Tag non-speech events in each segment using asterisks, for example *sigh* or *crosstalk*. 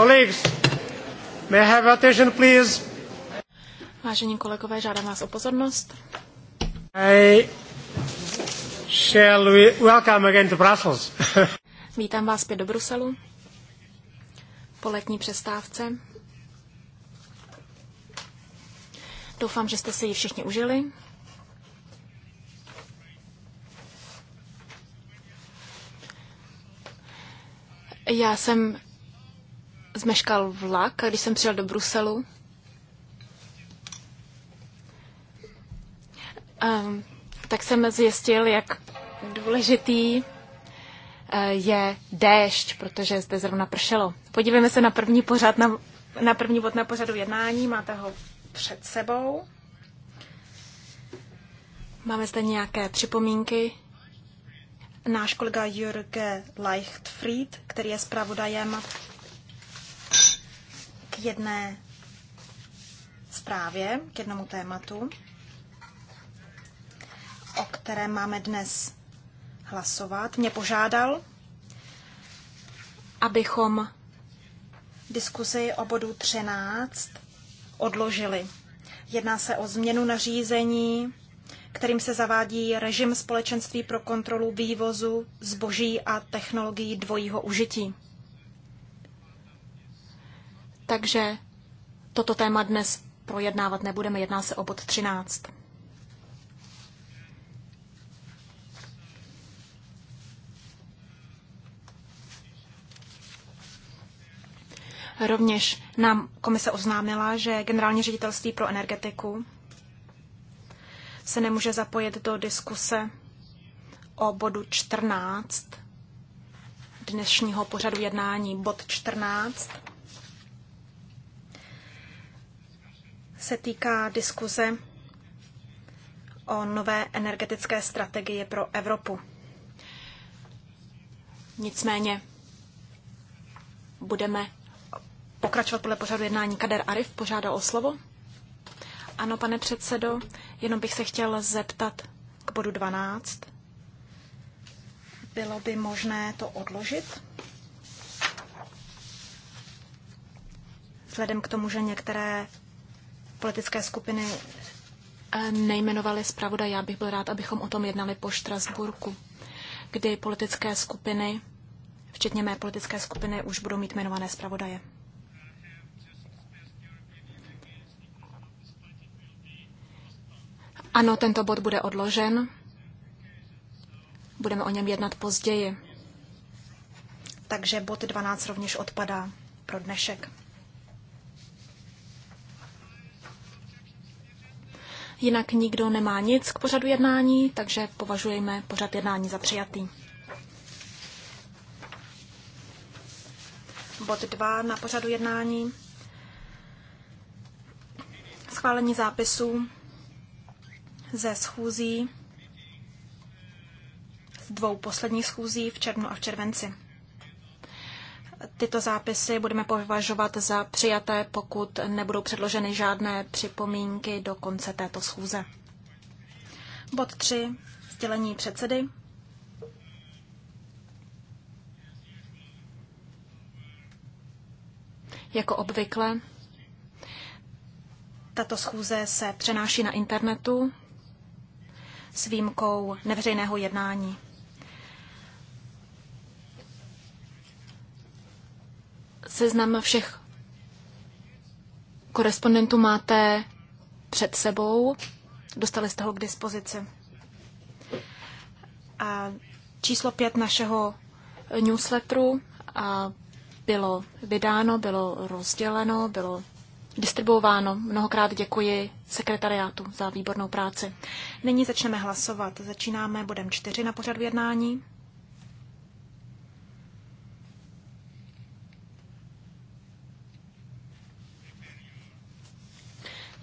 Colleagues, may I have attention, please? Vážení kolegové, žádám vás o pozornost. I shall we welcome again to Brussels. *laughs* Vítám vás zpět do Bruselu po letní přestávce. Doufám, že jste si ji všichni užili. Já jsem zmeškal vlak, když jsem přijel do Bruselu. Um, tak jsem zjistil, jak důležitý eh, je déšť, protože zde zrovna pršelo. Podívejme se na první, pořad, na, na první bod na pořadu jednání. Máte ho před sebou. Máme zde nějaké připomínky. Náš kolega Jürge Leichtfried, který je zpravodajem jedné zprávě, k jednomu tématu, o kterém máme dnes hlasovat, mě požádal, abychom diskuzi o bodu 13 odložili. Jedná se o změnu nařízení, kterým se zavádí režim společenství pro kontrolu vývozu zboží a technologií dvojího užití. Takže toto téma dnes projednávat nebudeme, jedná se o bod 13. Rovněž nám komise oznámila, že generální ředitelství pro energetiku se nemůže zapojit do diskuse o bodu 14 dnešního pořadu jednání. Bod 14 se týká diskuze o nové energetické strategii pro Evropu. Nicméně budeme pokračovat podle pořadu jednání. Kader Arif požádal o slovo. Ano, pane předsedo, jenom bych se chtěl zeptat k bodu 12. Bylo by možné to odložit? Vzhledem k tomu, že některé politické skupiny eh, nejmenovaly zpravoda. Já bych byl rád, abychom o tom jednali po Štrasburku, kdy politické skupiny, včetně mé politické skupiny, už budou mít jmenované zpravodaje. Ano, tento bod bude odložen. Budeme o něm jednat později. Takže bod 12 rovněž odpadá pro dnešek. Jinak nikdo nemá nic k pořadu jednání, takže považujeme pořad jednání za přijatý. Bod 2 na pořadu jednání. Schválení zápisů ze schůzí z dvou posledních schůzí v červnu a v červenci. Tyto zápisy budeme považovat za přijaté, pokud nebudou předloženy žádné připomínky do konce této schůze. Bod 3. Sdělení předsedy. Jako obvykle, tato schůze se přenáší na internetu s výjimkou neveřejného jednání. Seznam všech korespondentů máte před sebou. Dostali jste ho k dispozici. A číslo pět našeho newsletteru a bylo vydáno, bylo rozděleno, bylo distribuováno. Mnohokrát děkuji sekretariátu za výbornou práci. Nyní začneme hlasovat. Začínáme bodem čtyři na pořadu jednání.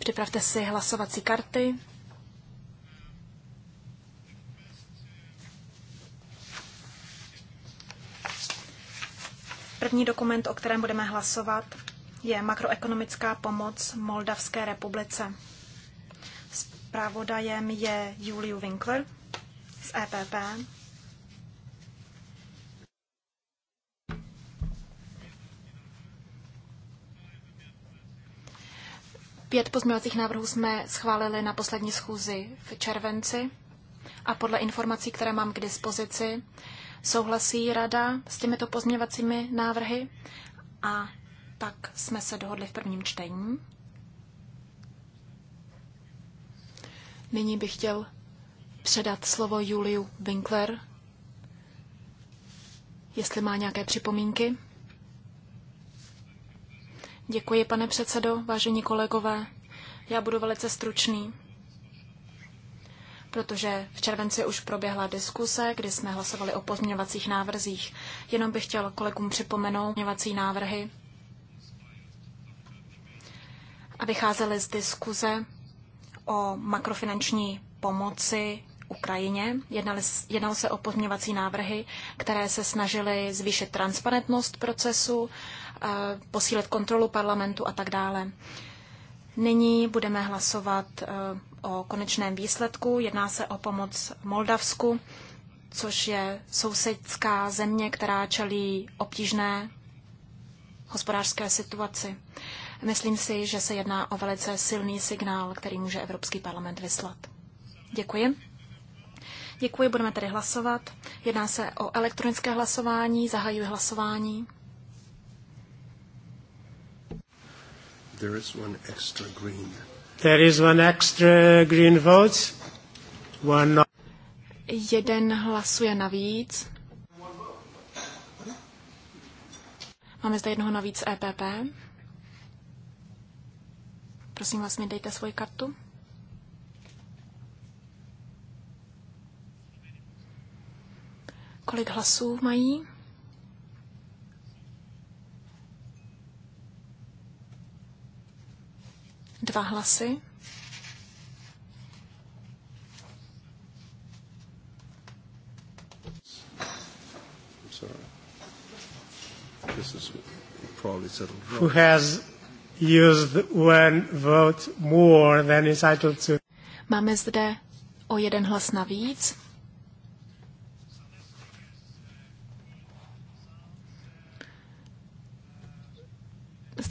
Připravte si hlasovací karty. První dokument, o kterém budeme hlasovat, je makroekonomická pomoc Moldavské republice. Zpravodajem je Juliu Winkler z EPP. Pět pozměňovacích návrhů jsme schválili na poslední schůzi v červenci a podle informací, které mám k dispozici, souhlasí rada s těmito pozměňovacími návrhy a tak jsme se dohodli v prvním čtení. Nyní bych chtěl předat slovo Juliu Winkler, jestli má nějaké připomínky. Děkuji, pane předsedo, vážení kolegové. Já budu velice stručný, protože v červenci už proběhla diskuse, kdy jsme hlasovali o pozměňovacích návrzích. Jenom bych chtěl kolegům připomenout pozměňovací návrhy a vycházely z diskuze o makrofinanční pomoci Ukrajině. Jednali, jednalo se o pozměňovací návrhy, které se snažily zvýšit transparentnost procesu, eh, posílit kontrolu parlamentu a tak dále. Nyní budeme hlasovat eh, o konečném výsledku. Jedná se o pomoc Moldavsku, což je sousedská země, která čelí obtížné hospodářské situaci. Myslím si, že se jedná o velice silný signál, který může Evropský parlament vyslat. Děkuji. Děkuji, budeme tedy hlasovat. Jedná se o elektronické hlasování, zahajuji hlasování. There is one extra green. There is one extra green vote. One not. Jeden hlasuje navíc. Máme zde jednoho navíc EPP. Prosím vás, mi dejte svoji kartu. Kolik hlasů mají? Dva hlasy. Who has used one vote more than entitled to. Máme zde o jeden hlas navíc.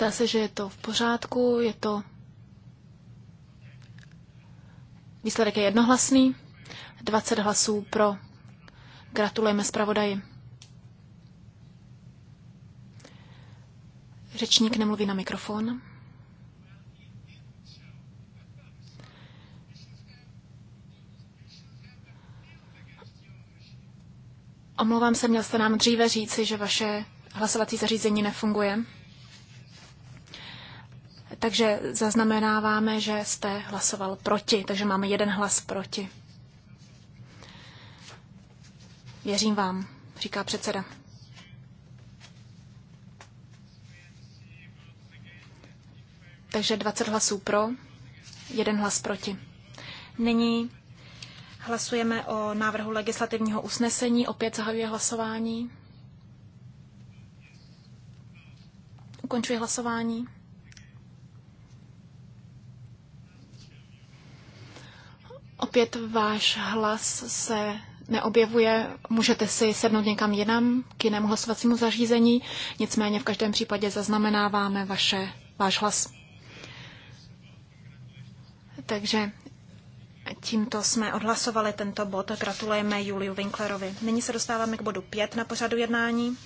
Zdá se, že je to v pořádku, je to... Výsledek je jednohlasný, 20 hlasů pro. Gratulujeme zpravodaji. Řečník nemluví na mikrofon. Omlouvám se, měl jste nám dříve říci, že vaše hlasovací zařízení nefunguje. Takže zaznamenáváme, že jste hlasoval proti, takže máme jeden hlas proti. Věřím vám, říká předseda. Takže 20 hlasů pro, jeden hlas proti. Nyní hlasujeme o návrhu legislativního usnesení. Opět zahajuje hlasování. Ukončuji hlasování. Opět váš hlas se neobjevuje, můžete si sednout někam jinam, k jinému hlasovacímu zařízení, nicméně v každém případě zaznamenáváme vaše, váš hlas. Takže tímto jsme odhlasovali tento bod. Gratulujeme Juliu Winklerovi. Nyní se dostáváme k bodu 5 na pořadu jednání.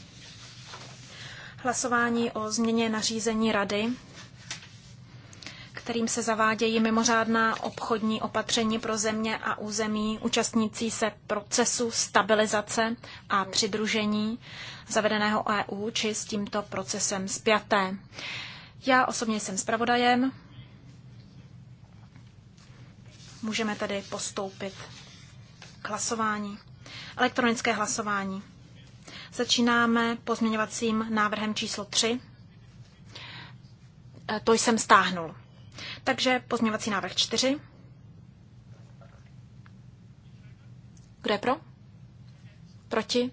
Hlasování o změně nařízení Rady kterým se zavádějí mimořádná obchodní opatření pro země a území účastnící se procesu stabilizace a přidružení zavedeného EU či s tímto procesem spjaté. Já osobně jsem zpravodajem. Můžeme tedy postoupit k hlasování. Elektronické hlasování. Začínáme pozměňovacím návrhem číslo 3. E, to jsem stáhnul. Takže pozměňovací návrh 4. Kdo je pro? Proti?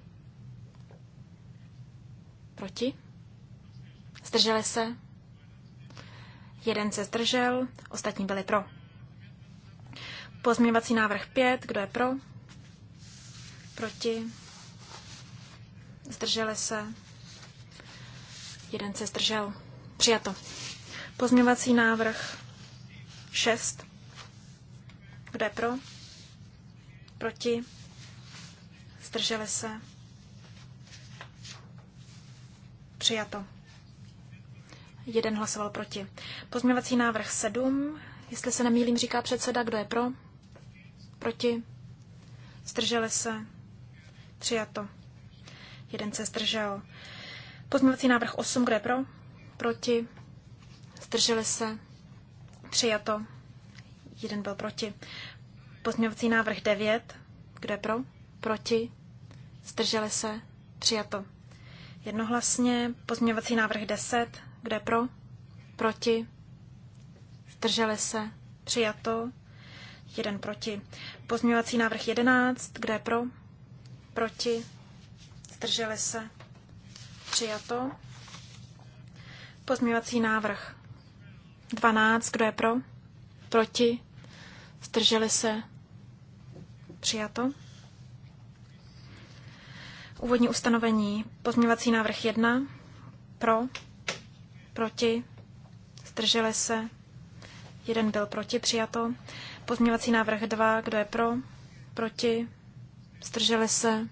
Proti? Zdrželi se? Jeden se zdržel, ostatní byli pro. Pozměňovací návrh 5. Kdo je pro? Proti? Zdrželi se? Jeden se zdržel. Přijato. Pozměňovací návrh 6. Kdo je pro? Proti? Zdrželi se? Přijato. Jeden hlasoval proti. Pozměňovací návrh 7. Jestli se nemýlím, říká předseda, kdo je pro? Proti? Zdrželi se? Přijato. Jeden se zdržel. Pozměňovací návrh 8, kdo je pro? Proti? Zdrželi se? Přijato. Jeden byl proti. Pozměňovací návrh 9. Kdo je pro? Proti. Zdrželi se. Přijato. Jednohlasně. Pozměňovací návrh 10. Kdo je pro? Proti. Zdrželi se. Přijato. Jeden proti. Pozměňovací návrh 11. Kdo je pro? Proti. Zdrželi se. Přijato. Pozměňovací návrh 12, kdo je pro? Proti? Zdrželi se? Přijato. Úvodní ustanovení. Pozměňovací návrh 1. Pro? Proti? Zdrželi se? Jeden byl proti, přijato. Pozměňovací návrh 2. Kdo je pro? Proti? Zdrželi se?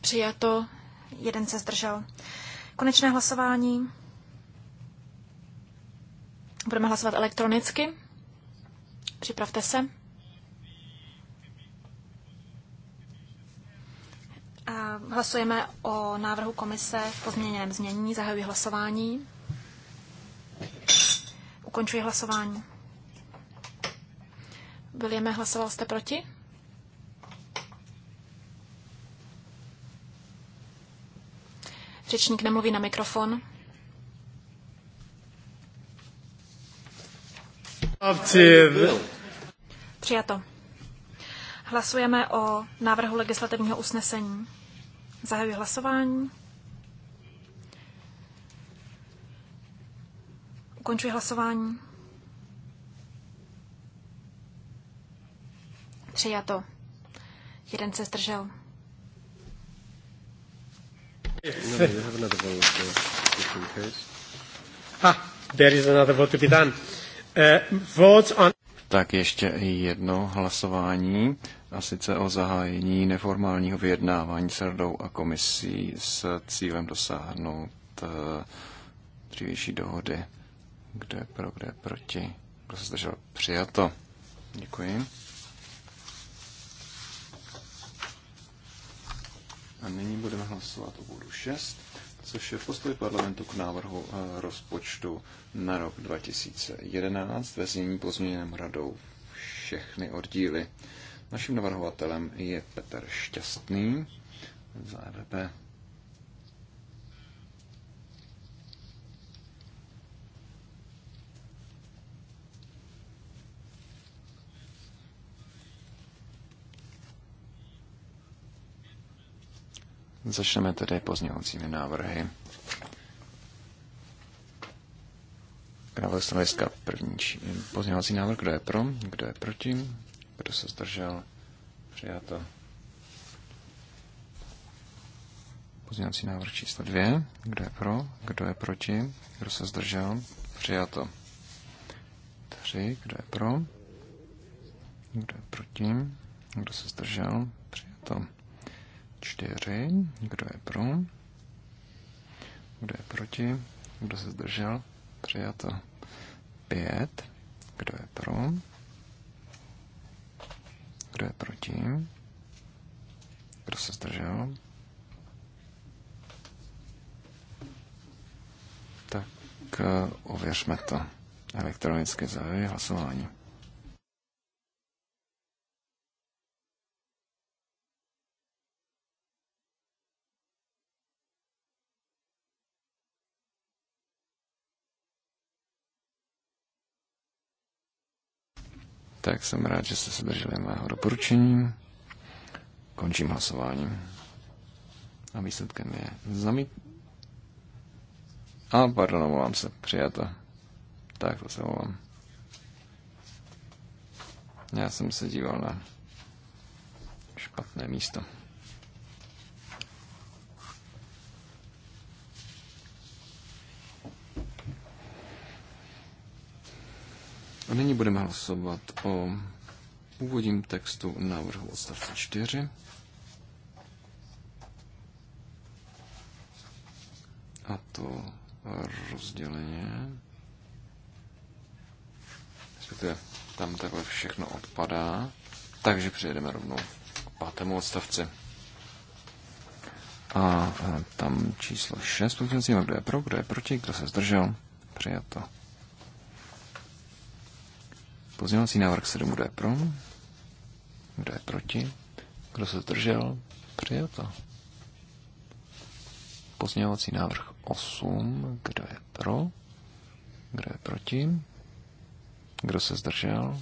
Přijato. Jeden se zdržel. Konečné hlasování. Budeme hlasovat elektronicky. Připravte se. A hlasujeme o návrhu komise v pozměněném změní. Zahajuji hlasování. Ukončuji hlasování. Vilieme, hlasoval jste proti? Řečník nemluví na mikrofon. Přijato. Hlasujeme o návrhu legislativního usnesení. Zahajuji hlasování. Ukončuji hlasování. Přijato. Jeden se zdržel. Ah, there is another vote to be done. Uh, tak ještě jedno hlasování, a sice o zahájení neformálního vyjednávání s radou a komisí s cílem dosáhnout eh, dřívější dohody. Kdo je pro, kde je proti? Kdo se zdržel? Přijato. Děkuji. A nyní budeme hlasovat o bodu 6 což je postoj parlamentu k návrhu eh, rozpočtu na rok 2011 ve znění pozměněném radou všechny oddíly. Naším navrhovatelem je Petr Šťastný za e Začneme tedy pozměňovacími návrhy. Krável stanoviska první pozměňovací návrh, kdo je pro, kdo je proti, kdo se zdržel, přijato. Pozměňovací návrh číslo dvě, kdo je pro, kdo je proti, kdo se zdržel, přijato. Tři, kdo je pro, kdo je proti, kdo se zdržel, přijato. 4. Kdo je pro? Kdo je proti? Kdo se zdržel? Přijato. 5. Kdo je pro? Kdo je proti? Kdo se zdržel? Tak eh, ověřme to. elektronické závěry hlasování. tak jsem rád, že jste se drželi mého doporučení. Končím hlasováním. A výsledkem je zamít... A pardon, omlouvám se, přijato. Tak, to se omlouvám. Já jsem se díval na špatné místo. nyní budeme hlasovat o původním textu návrhu odstavce 4. A to rozděleně. Respektive tam takhle všechno odpadá. Takže přejedeme rovnou k pátému odstavci. A, tam číslo 6 kdo je pro, kdo je proti, kdo se zdržel. Přijato. Pozměňovací návrh 7, kdo je pro? Kdo je proti? Kdo se zdržel? to. Pozměňovací návrh 8, kdo je pro? Kdo je proti? Kdo se zdržel?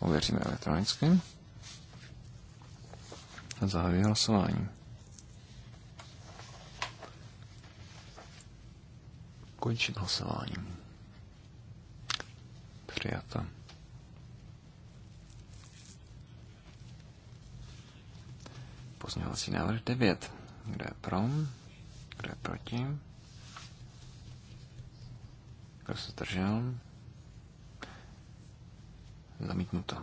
Ověříme elektronicky. Zahajuji hlasování. Končím hlasování. Přijata. Pozměňovací návrh 9. Kdo je pro? Kdo je proti? Kdo se zdržel? Zamítnuto.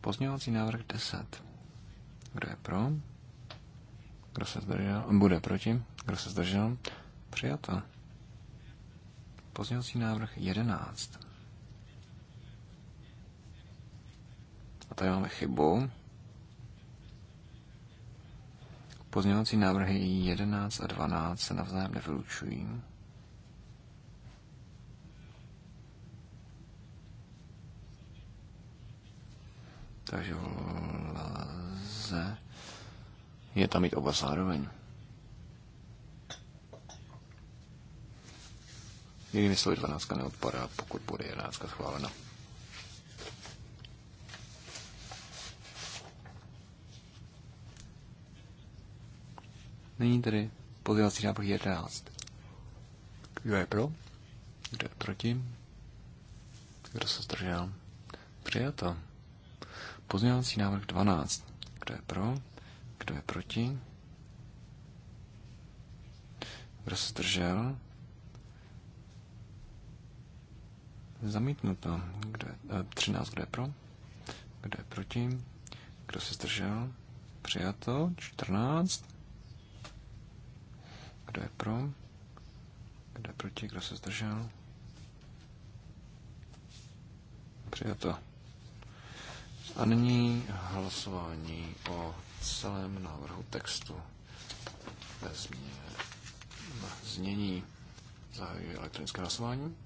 Pozměňovací návrh 10. Kdo je pro? Kdo se zdržel? Bude proti? Kdo se zdržel? Přijato. Pozměňovací návrh 11. A tady máme chybu. Pozměňovací návrhy 11 a 12 se navzájem nevylučují. Takže lze je tam mít oba zároveň. Jinými slovy, 12 neodpadá, pokud bude 11 schválena. Nyní tedy pozdělací návrh 11. Kdo je pro? Kdo je proti? Kdo se zdržel? Přijato. Pozdělací návrh 12. Kdo je pro? Kdo je proti? Kdo se zdržel? Zamítnuto. Kdo je, 13, eh, kdo je pro? Kdo je proti? Kdo se zdržel? Přijato. 14. Kdo je pro? Kdo je proti? Kdo se zdržel? Přijato. A nyní hlasování o celém návrhu textu ve změně. znění. Zahajuji elektronické hlasování.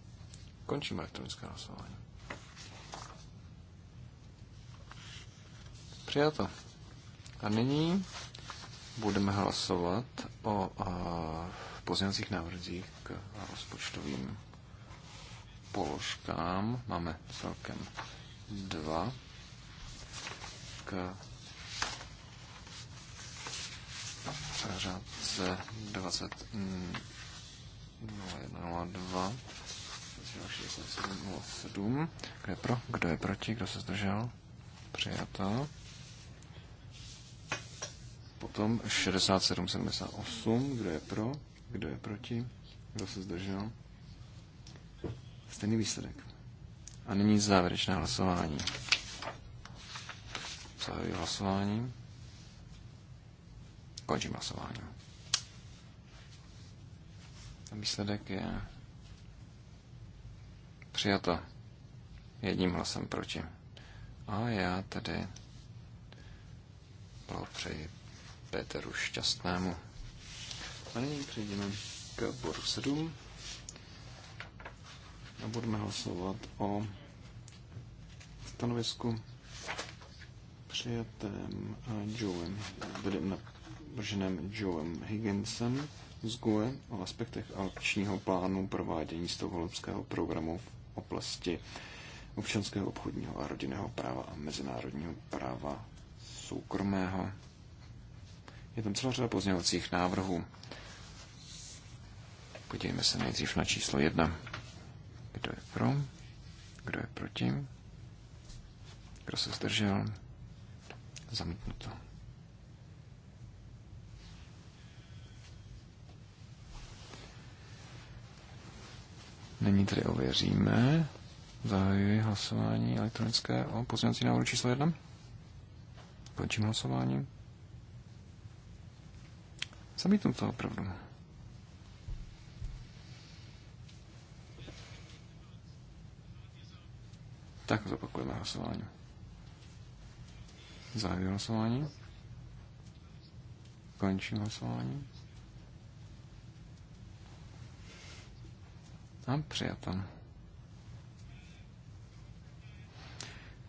Končím elektronické hlasování. Přijato. A nyní budeme hlasovat o pozměňovacích návrzích k rozpočtovým položkám. Máme celkem dva k řádce 20.01.02 67, Kdo je pro? Kdo je proti? Kdo se zdržel? Přijato. Potom 6778. Kdo je pro? Kdo je proti? Kdo se zdržel? Stejný výsledek. A nyní závěrečné hlasování. Zahajuji hlasování. Končím hlasování. A výsledek je Přijato. Jedním hlasem proti. A já tedy blahopřeji Peteru Šťastnému. A nyní přejdeme k bodu 7 a budeme hlasovat o stanovisku přijatém eh, Joem, tedy navrženém Joem Higginsem z GUE o aspektech akčního plánu provádění stokholmského programu v oblasti občanského, obchodního a rodinného práva a mezinárodního práva soukromého. Je tam celá řada pozměňovacích návrhů. Podívejme se nejdřív na číslo jedna. Kdo je pro? Kdo je proti? Kdo se zdržel? Zamítnuto. Nyní tedy ověříme. Zahajuji hlasování elektronické o pozměňovací návrhu číslo 1. Končím hlasování. Zamítnu to opravdu. Tak zopakujeme hlasování. Zahajuji hlasování. Končím hlasování. A přijato.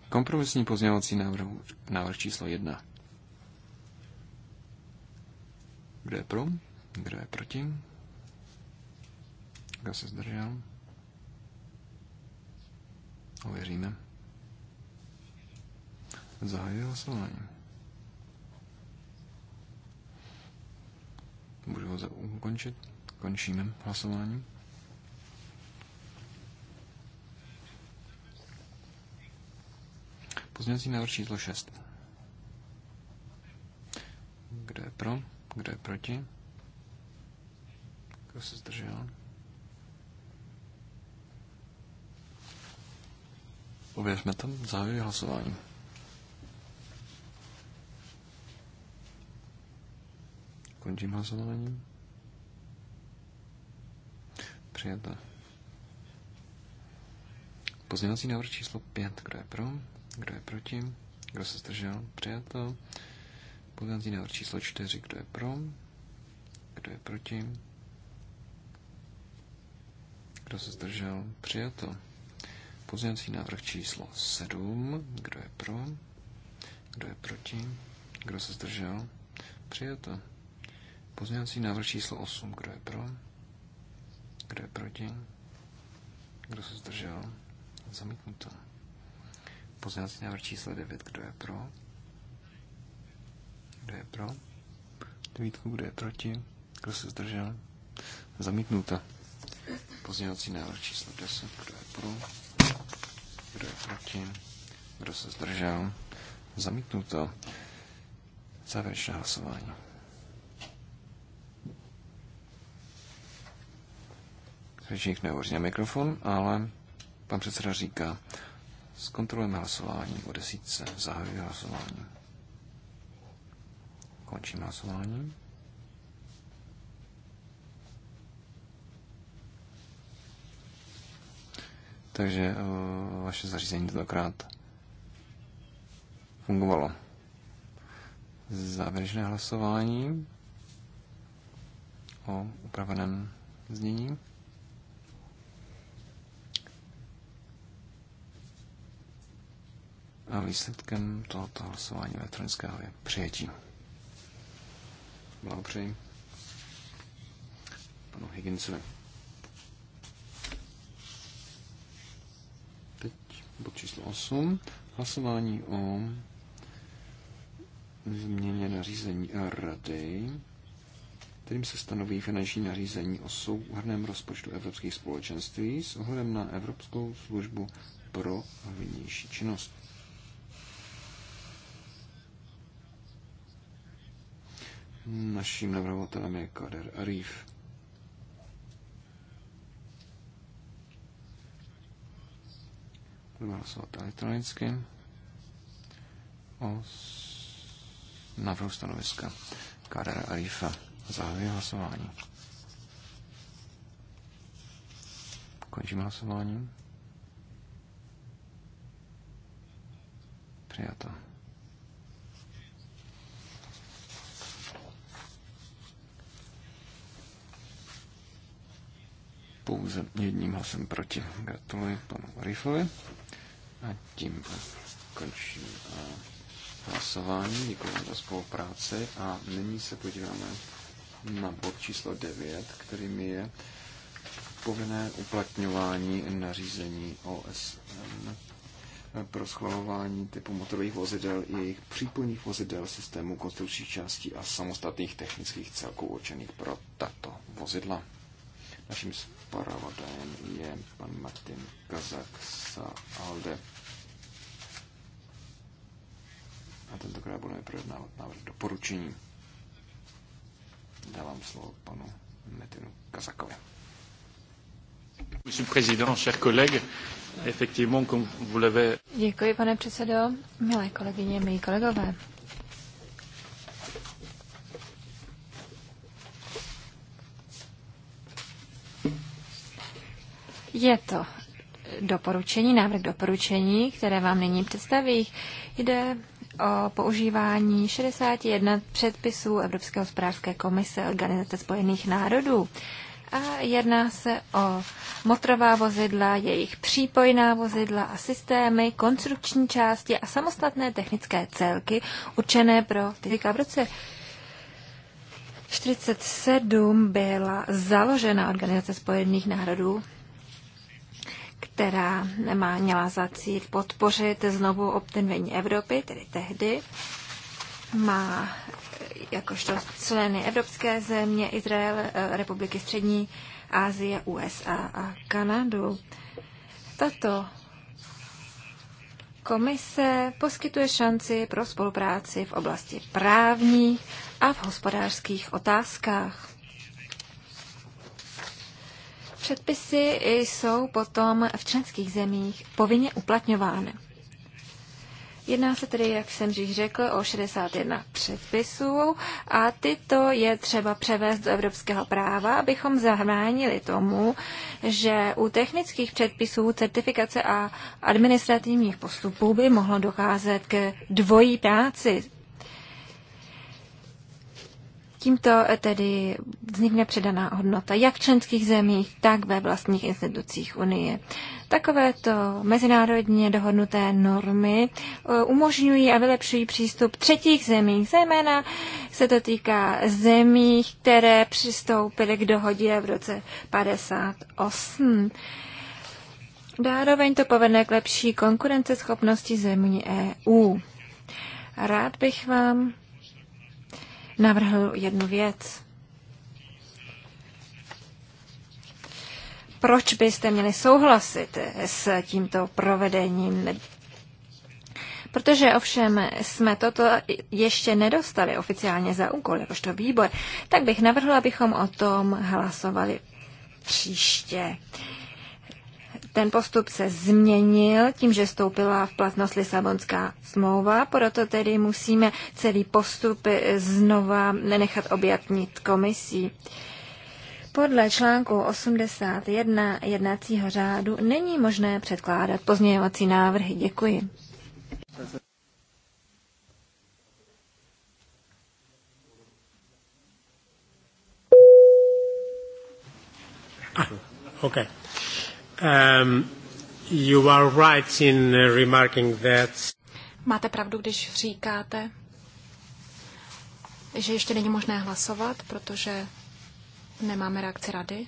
Kompromisní pozměňovací návrh, návrh číslo jedna. Kdo je pro? Kdo je proti? Kdo se zdržel? Ověříme. Zahajuji hlasování. Můžu ho ukončit? Končíme hlasování. Pozměňovací návrh číslo 6. Kdo je pro? Kdo je proti? Kdo se zdržel? Ověřme to, zahajuji hlasování. Končím hlasování. Přijete. Pozměňovací návrh číslo 5. Kdo je pro? Kdo je proti? Kdo se zdržel? Přijato. Pozměňovací návrh číslo 4. Kdo je pro? Kdo je proti? Kdo se zdržel? Přijato. Pozměňovací návrh číslo 7. Kdo je pro? Kdo je proti? Kdo se zdržel? Přijato. Pozměňovací návrh číslo 8. Kdo je pro? Kdo je proti? Kdo se zdržel? Zamítnuto. Pozměňovací návrh číslo 9. Kdo je pro? Kdo je pro? Devítku, kdo je proti? Kdo se zdržel? Zamítnuta. Pozměňovací návrh číslo 10. Kdo je pro? Kdo je proti? Kdo se zdržel? Zamítnuto. Závěrečné hlasování. Řečník nehovoří na mikrofon, ale pan předseda říká, Zkontrolujeme hlasování o desítce. Zahajuji hlasování. Končím hlasování. Takže eh, vaše zařízení tentokrát fungovalo. Závěrečné hlasování o upraveném znění. A výsledkem tohoto hlasování elektronického je přijetí. Blahopřeji panu Higginsovi. Teď bod číslo 8. Hlasování o změně nařízení Rady, kterým se stanoví finanční nařízení o souhrném rozpočtu evropských společenství s ohledem na Evropskou službu pro vnější činnost. Naším navrhovatelem je Kader Arif. Budeme hlasovat elektronicky o návrhu stanoviska Kader Arifa. Zahajuji hlasování. Končím hlasování. Přijato. pouze jedním hlasem proti. Gratuluji panu Rifovi. A tím končím eh, hlasování. Děkuji za spolupráci a nyní se podíváme na bod číslo 9, kterým je povinné uplatňování nařízení OSN pro schvalování typu motorových vozidel, jejich příplných vozidel, systému konstrukčních částí a samostatných technických celků určených pro tato vozidla. Naším zpravodajem je pan Martin Kazak z ALDE. A tentokrát budeme projednávat návrh doporučení. Dávám slovo panu Metinu Kazakovi. Monsieur le Président, chers collègues, effectivement, comme vous l'avez... Děkuji, pane předsedo, milé kolegyně, milí kolegové. Je to doporučení, návrh doporučení, které vám nyní představí. Jde o používání 61 předpisů Evropské hospodářské komise Organizace spojených národů. A jedná se o motorová vozidla, jejich přípojná vozidla a systémy, konstrukční části a samostatné technické celky určené pro fyzika. V roce 1947 byla založena Organizace spojených národů která má měla za cíl podpořit znovu obtenvení Evropy, tedy tehdy, má jakožto členy Evropské země, Izrael, eh, Republiky Střední Asie, USA a Kanadu. Tato komise poskytuje šanci pro spolupráci v oblasti právní a v hospodářských otázkách. Předpisy jsou potom v členských zemích povinně uplatňovány. Jedná se tedy, jak jsem již řekl, o 61 předpisů a tyto je třeba převést do evropského práva, abychom zahránili tomu, že u technických předpisů, certifikace a administrativních postupů by mohlo docházet k dvojí práci Tímto eh, tedy vznikne předaná hodnota jak v členských zemích, tak ve vlastních institucích Unie. Takovéto mezinárodně dohodnuté normy eh, umožňují a vylepšují přístup třetích zemí. Zejména se to týká zemí, které přistoupily k dohodě v roce 58. Dároveň to povede k lepší konkurenceschopnosti zemí EU. Rád bych vám navrhl jednu věc. Proč byste měli souhlasit s tímto provedením Protože ovšem jsme toto ještě nedostali oficiálně za úkol, jakožto výbor, tak bych navrhla, abychom o tom hlasovali příště. Ten postup se změnil tím, že stoupila v platnost Lisabonská smlouva, proto tedy musíme celý postup eh, znova nenechat objatnit komisí. Podle článku 81 jednacího řádu není možné předkládat pozměňovací návrhy. Děkuji. Ah, okay. Um, you are right in uh, remarking that. Máte pravdu, když říkáte, že ještě není možné hlasovat, protože nemáme reakci rady.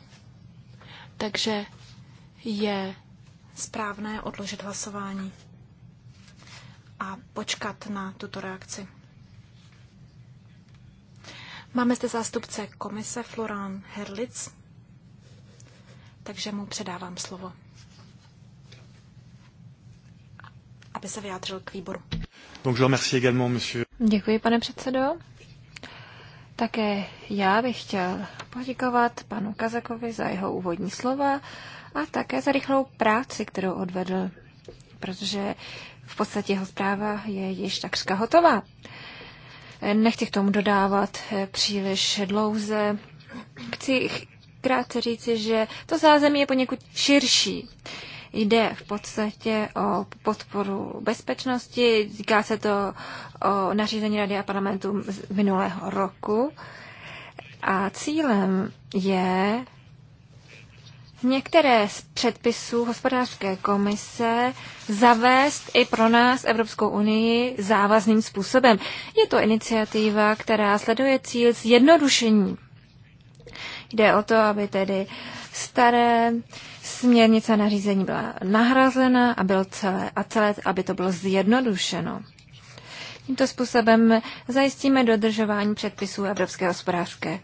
Takže je správné odložit hlasování a počkat na tuto reakci. Máme zde zástupce komise Florán Herlitz takže mu předávám slovo, aby se vyjádřil k výboru. Děkuji, pane předsedo. Také já bych chtěl poděkovat panu Kazakovi za jeho úvodní slova a také za rychlou práci, kterou odvedl, protože v podstatě jeho zpráva je již takřka hotová. Nechci k tomu dodávat příliš dlouze. Chci krátce říci, že to zázemí je poněkud širší. Jde v podstatě o podporu bezpečnosti, týká se to o nařízení Rady a parlamentu z minulého roku. A cílem je některé z předpisů hospodářské komise zavést i pro nás Evropskou unii závazným způsobem. Je to iniciativa, která sleduje cíl zjednodušení Jde o to, aby tedy staré směrnice nařízení byla nahrazena a, bylo celé, a celé, aby to bylo zjednodušeno. Tímto způsobem zajistíme dodržování předpisů Evropské hospodářské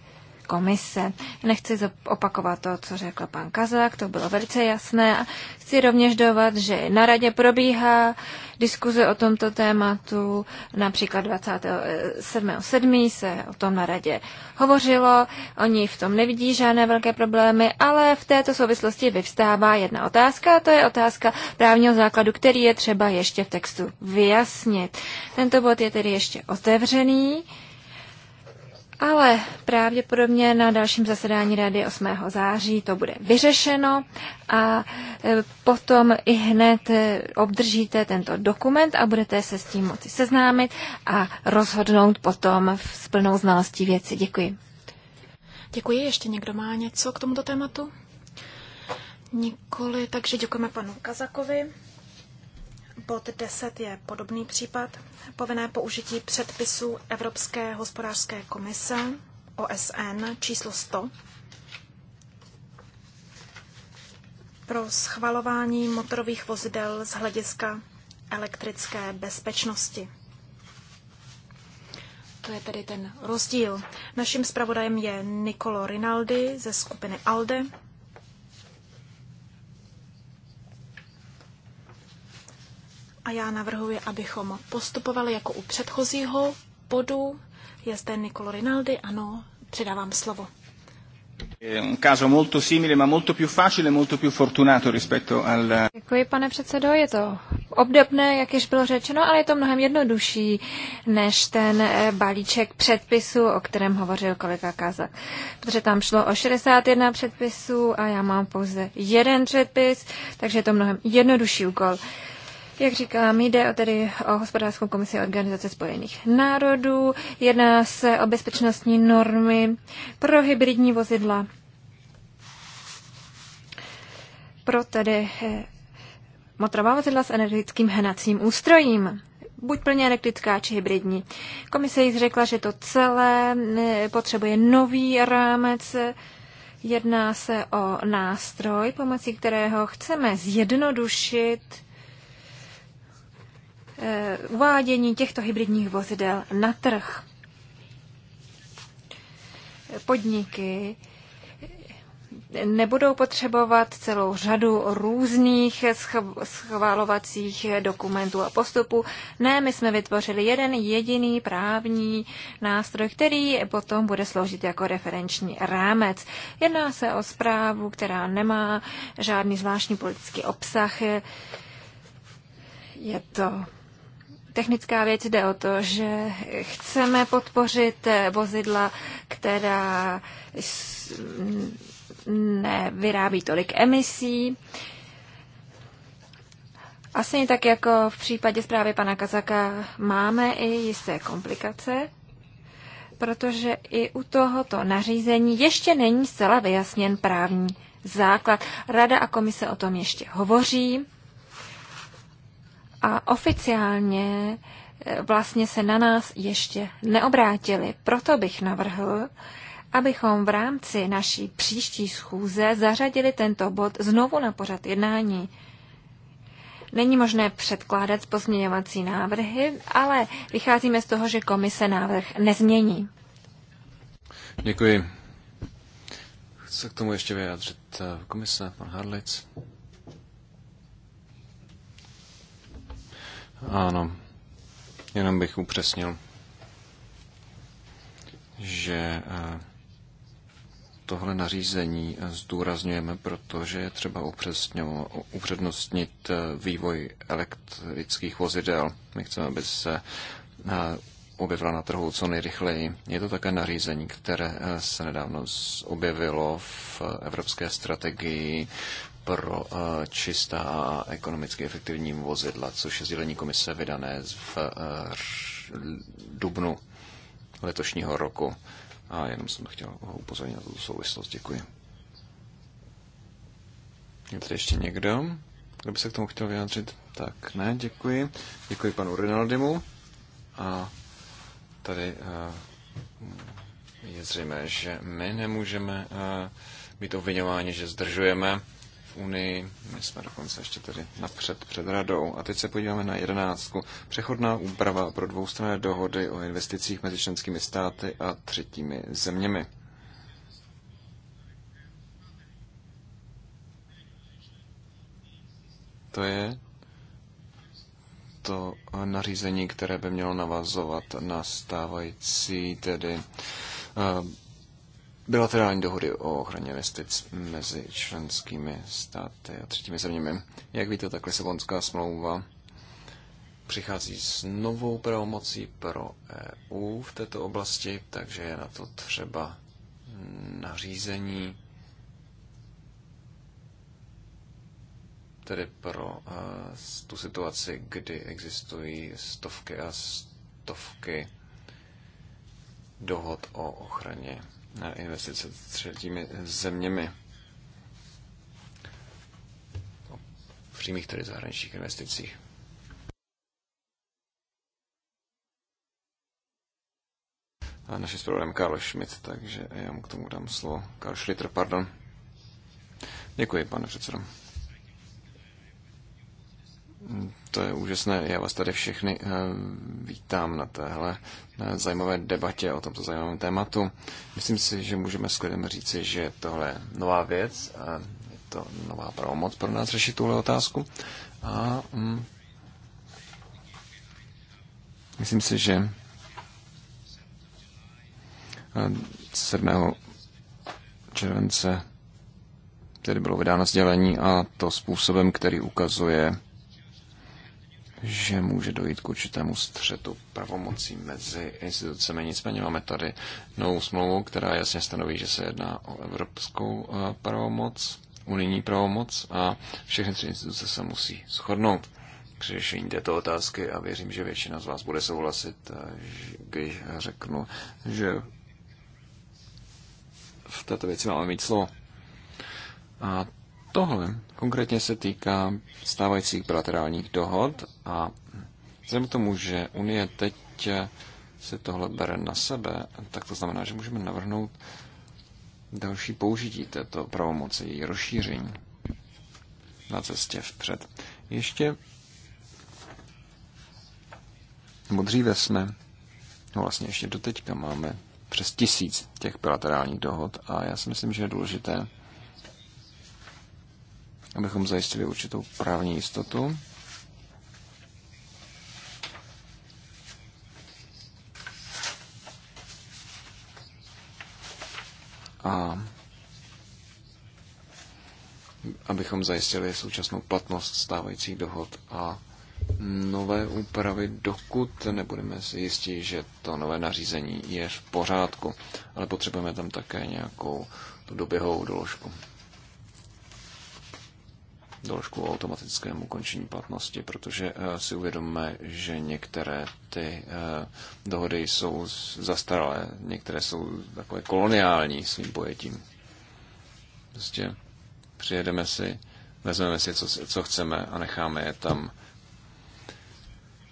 komise. Nechci opakovat to, co řekl pan Kazák, to bylo velice jasné. A chci rovněž dovat, že na radě probíhá diskuze o tomto tématu. Například 27.7. Eh, se o tom na radě hovořilo. Oni v tom nevidí žádné velké problémy, ale v této souvislosti vyvstává jedna otázka a to je otázka právního základu, který je třeba ještě v textu vyjasnit. Tento bod je tedy ještě otevřený ale pravděpodobně na dalším zasedání rady 8. září to bude vyřešeno a e, potom i hned e, obdržíte tento dokument a budete se s tím moci seznámit a rozhodnout potom s plnou znalostí věci. Děkuji. Děkuji. Ještě někdo má něco k tomuto tématu? Nikoli, takže děkujeme panu Kazakovi. Bod 10 je podobný případ. Povinné použití předpisů Evropské hospodářské komise OSN číslo 100 pro schvalování motorových vozidel z hlediska elektrické bezpečnosti. To je tedy ten rozdíl. Naším zpravodajem je Nicolo Rinaldi ze skupiny ALDE. A já navrhuji, abychom postupovali jako u předchozího bodu. Je zde Nicolo Rinaldi, ano, předávám slovo. Eh, un caso molto simile, ma molto più facile, molto più fortunato rispetto al... Děkuji, pane předsedo, je to obdobné, jak již bylo řečeno, ale je to mnohem jednodušší než ten eh, balíček předpisů, o kterém hovořil kolega Kaza. Protože tam šlo o 61 předpisů a já mám pouze jeden předpis, takže je to mnohem jednodušší úkol. Jak říkám, jde tedy o hospodářskou komisi Organizace spojených národů, jedná se o bezpečnostní normy pro hybridní vozidla, pro tedy eh, motorová vozidla s energetickým hnacím ústrojím buď plně elektrická či hybridní. Komise jí řekla, že to celé eh, potřebuje nový rámec. Jedná se o nástroj, pomocí kterého chceme zjednodušit Eh, uvádění těchto hybridních vozidel na trh. Podniky nebudou potřebovat celou řadu různých schválovacích dokumentů a postupů. Ne, my jsme vytvořili jeden jediný právní nástroj, který potom bude sloužit jako referenční rámec. Jedná se o zprávu, která nemá žádný zvláštní politický obsah. Je to technická věc jde o to, že chceme podpořit vozidla, která nevyrábí tolik emisí. Asi tak jako v případě zprávy pana Kazaka máme i jisté komplikace, protože i u tohoto nařízení ještě není zcela vyjasněn právní základ. Rada a komise o tom ještě hovoří a oficiálně eh, vlastně se na nás ještě neobrátili. Proto bych navrhl, abychom v rámci naší příští schůze zařadili tento bod znovu na pořad jednání. Není možné předkládat pozměňovací návrhy, ale vycházíme z toho, že komise návrh nezmění. Děkuji. Chce k tomu ještě vyjádřit eh, komise, pan Harlic. Ano, jenom bych upřesnil, že eh, tohle nařízení eh, zdůrazňujeme, protože je třeba upřednostnit eh, vývoj elektrických vozidel. My chceme, aby se objevila na trhu co nejrychleji. Je to také nařízení, které se nedávno objevilo v evropské strategii pro eh, čistá a ekonomicky efektivní vozidla, což je sdělení komise vydané v eh, dubnu letošního roku. A jenom jsem chtěl upozornit na tu souvislost. Děkuji. Je tady ještě někdo, kdo by se k tomu chtěl vyjádřit? Tak ne, děkuji. Děkuji panu Rinaldimu. A tady eh, je zřejmé, že my nemůžeme být obvinováni, že zdržujeme Unii. My jsme dokonce ještě tady napřed před radou. A teď se podíváme na jedenáctku. Přechodná úprava pro dvoustranné dohody o investicích mezi členskými státy a třetími zeměmi. To je to nařízení, které by mělo navazovat na stávající tedy eh, bilaterální dohody o ochraně investic mezi členskými státy a třetími zeměmi. Jak víte, tak Lisabonská smlouva přichází s novou pravomocí pro EU v této oblasti, takže je na to třeba nařízení, tedy pro e, tu situaci, kdy existují stovky a stovky dohod o ochraně na investice s třetími zeměmi. O přímých tedy zahraničních investicích. A naše zpravodajem Karl Schmidt, takže já mu k tomu dám slovo. Karl Schlitter, pardon. Děkuji, pane předsedo. To je úžasné. Já vás tady všechny eh, vítám na téhle eh, zajímavé debatě o tomto zajímavém tématu. Myslím si, že můžeme s klidem říci, že tohle je nová věc a je to nová pravomoc pro nás řešit tuhle otázku. A mm, myslím si, že 7. Eh, července tedy bylo vydáno sdělení a to způsobem, který ukazuje že může dojít k určitému střetu pravomocí mezi institucemi. Nicméně máme tady novou smlouvu, která jasně stanoví, že se jedná o evropskou eh, pravomoc, unijní pravomoc a všechny tři instituce se musí shodnout k řešení této otázky a věřím, že většina z vás bude souhlasit, eh, když řeknu, že v této věci máme mít slovo. A Tohle konkrétně se týká stávajících bilaterálních dohod a vzhledem k tomu, že Unie teď si tohle bere na sebe, tak to znamená, že můžeme navrhnout další použití této pravomoci, její rozšíření na cestě vpřed. Ještě nebo dříve jsme, no vlastně ještě do teďka máme přes tisíc těch bilaterálních dohod a já si myslím, že je důležité abychom zajistili určitou právní jistotu. A abychom zajistili současnou platnost stávajících dohod a nové úpravy, dokud nebudeme si jistí, že to nové nařízení je v pořádku. Ale potřebujeme tam také nějakou tu doběhovou doložku doložku o automatickém ukončení platnosti, protože eh, si uvědomíme, že některé ty eh, dohody jsou zastaralé, některé jsou takové koloniální svým pojetím. Prostě přijedeme si, vezmeme si, co, co chceme a necháme je tam,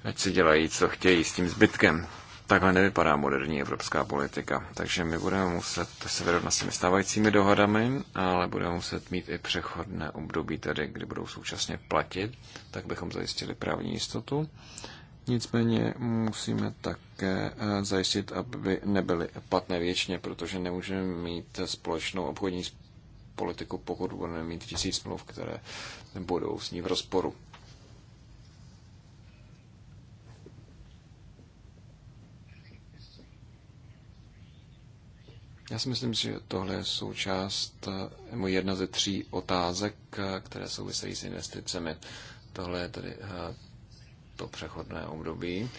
ať si dělají, co chtějí s tím zbytkem. Takhle nevypadá moderní evropská politika. Takže my budeme muset se vyrovnat s těmi stávajícími dohodami, ale budeme muset mít i přechodné období, tedy kdy budou současně platit, tak bychom zajistili právní jistotu. Nicméně musíme také eh, zajistit, aby nebyly platné věčně, protože nemůžeme mít společnou obchodní politiku, pokud budeme mít tisíc smluv, které budou s ní v rozporu. Já si myslím, že tohle je součást, nebo jedna ze tří otázek, které souvisejí s investicemi. Tohle je tedy eh, to přechodné období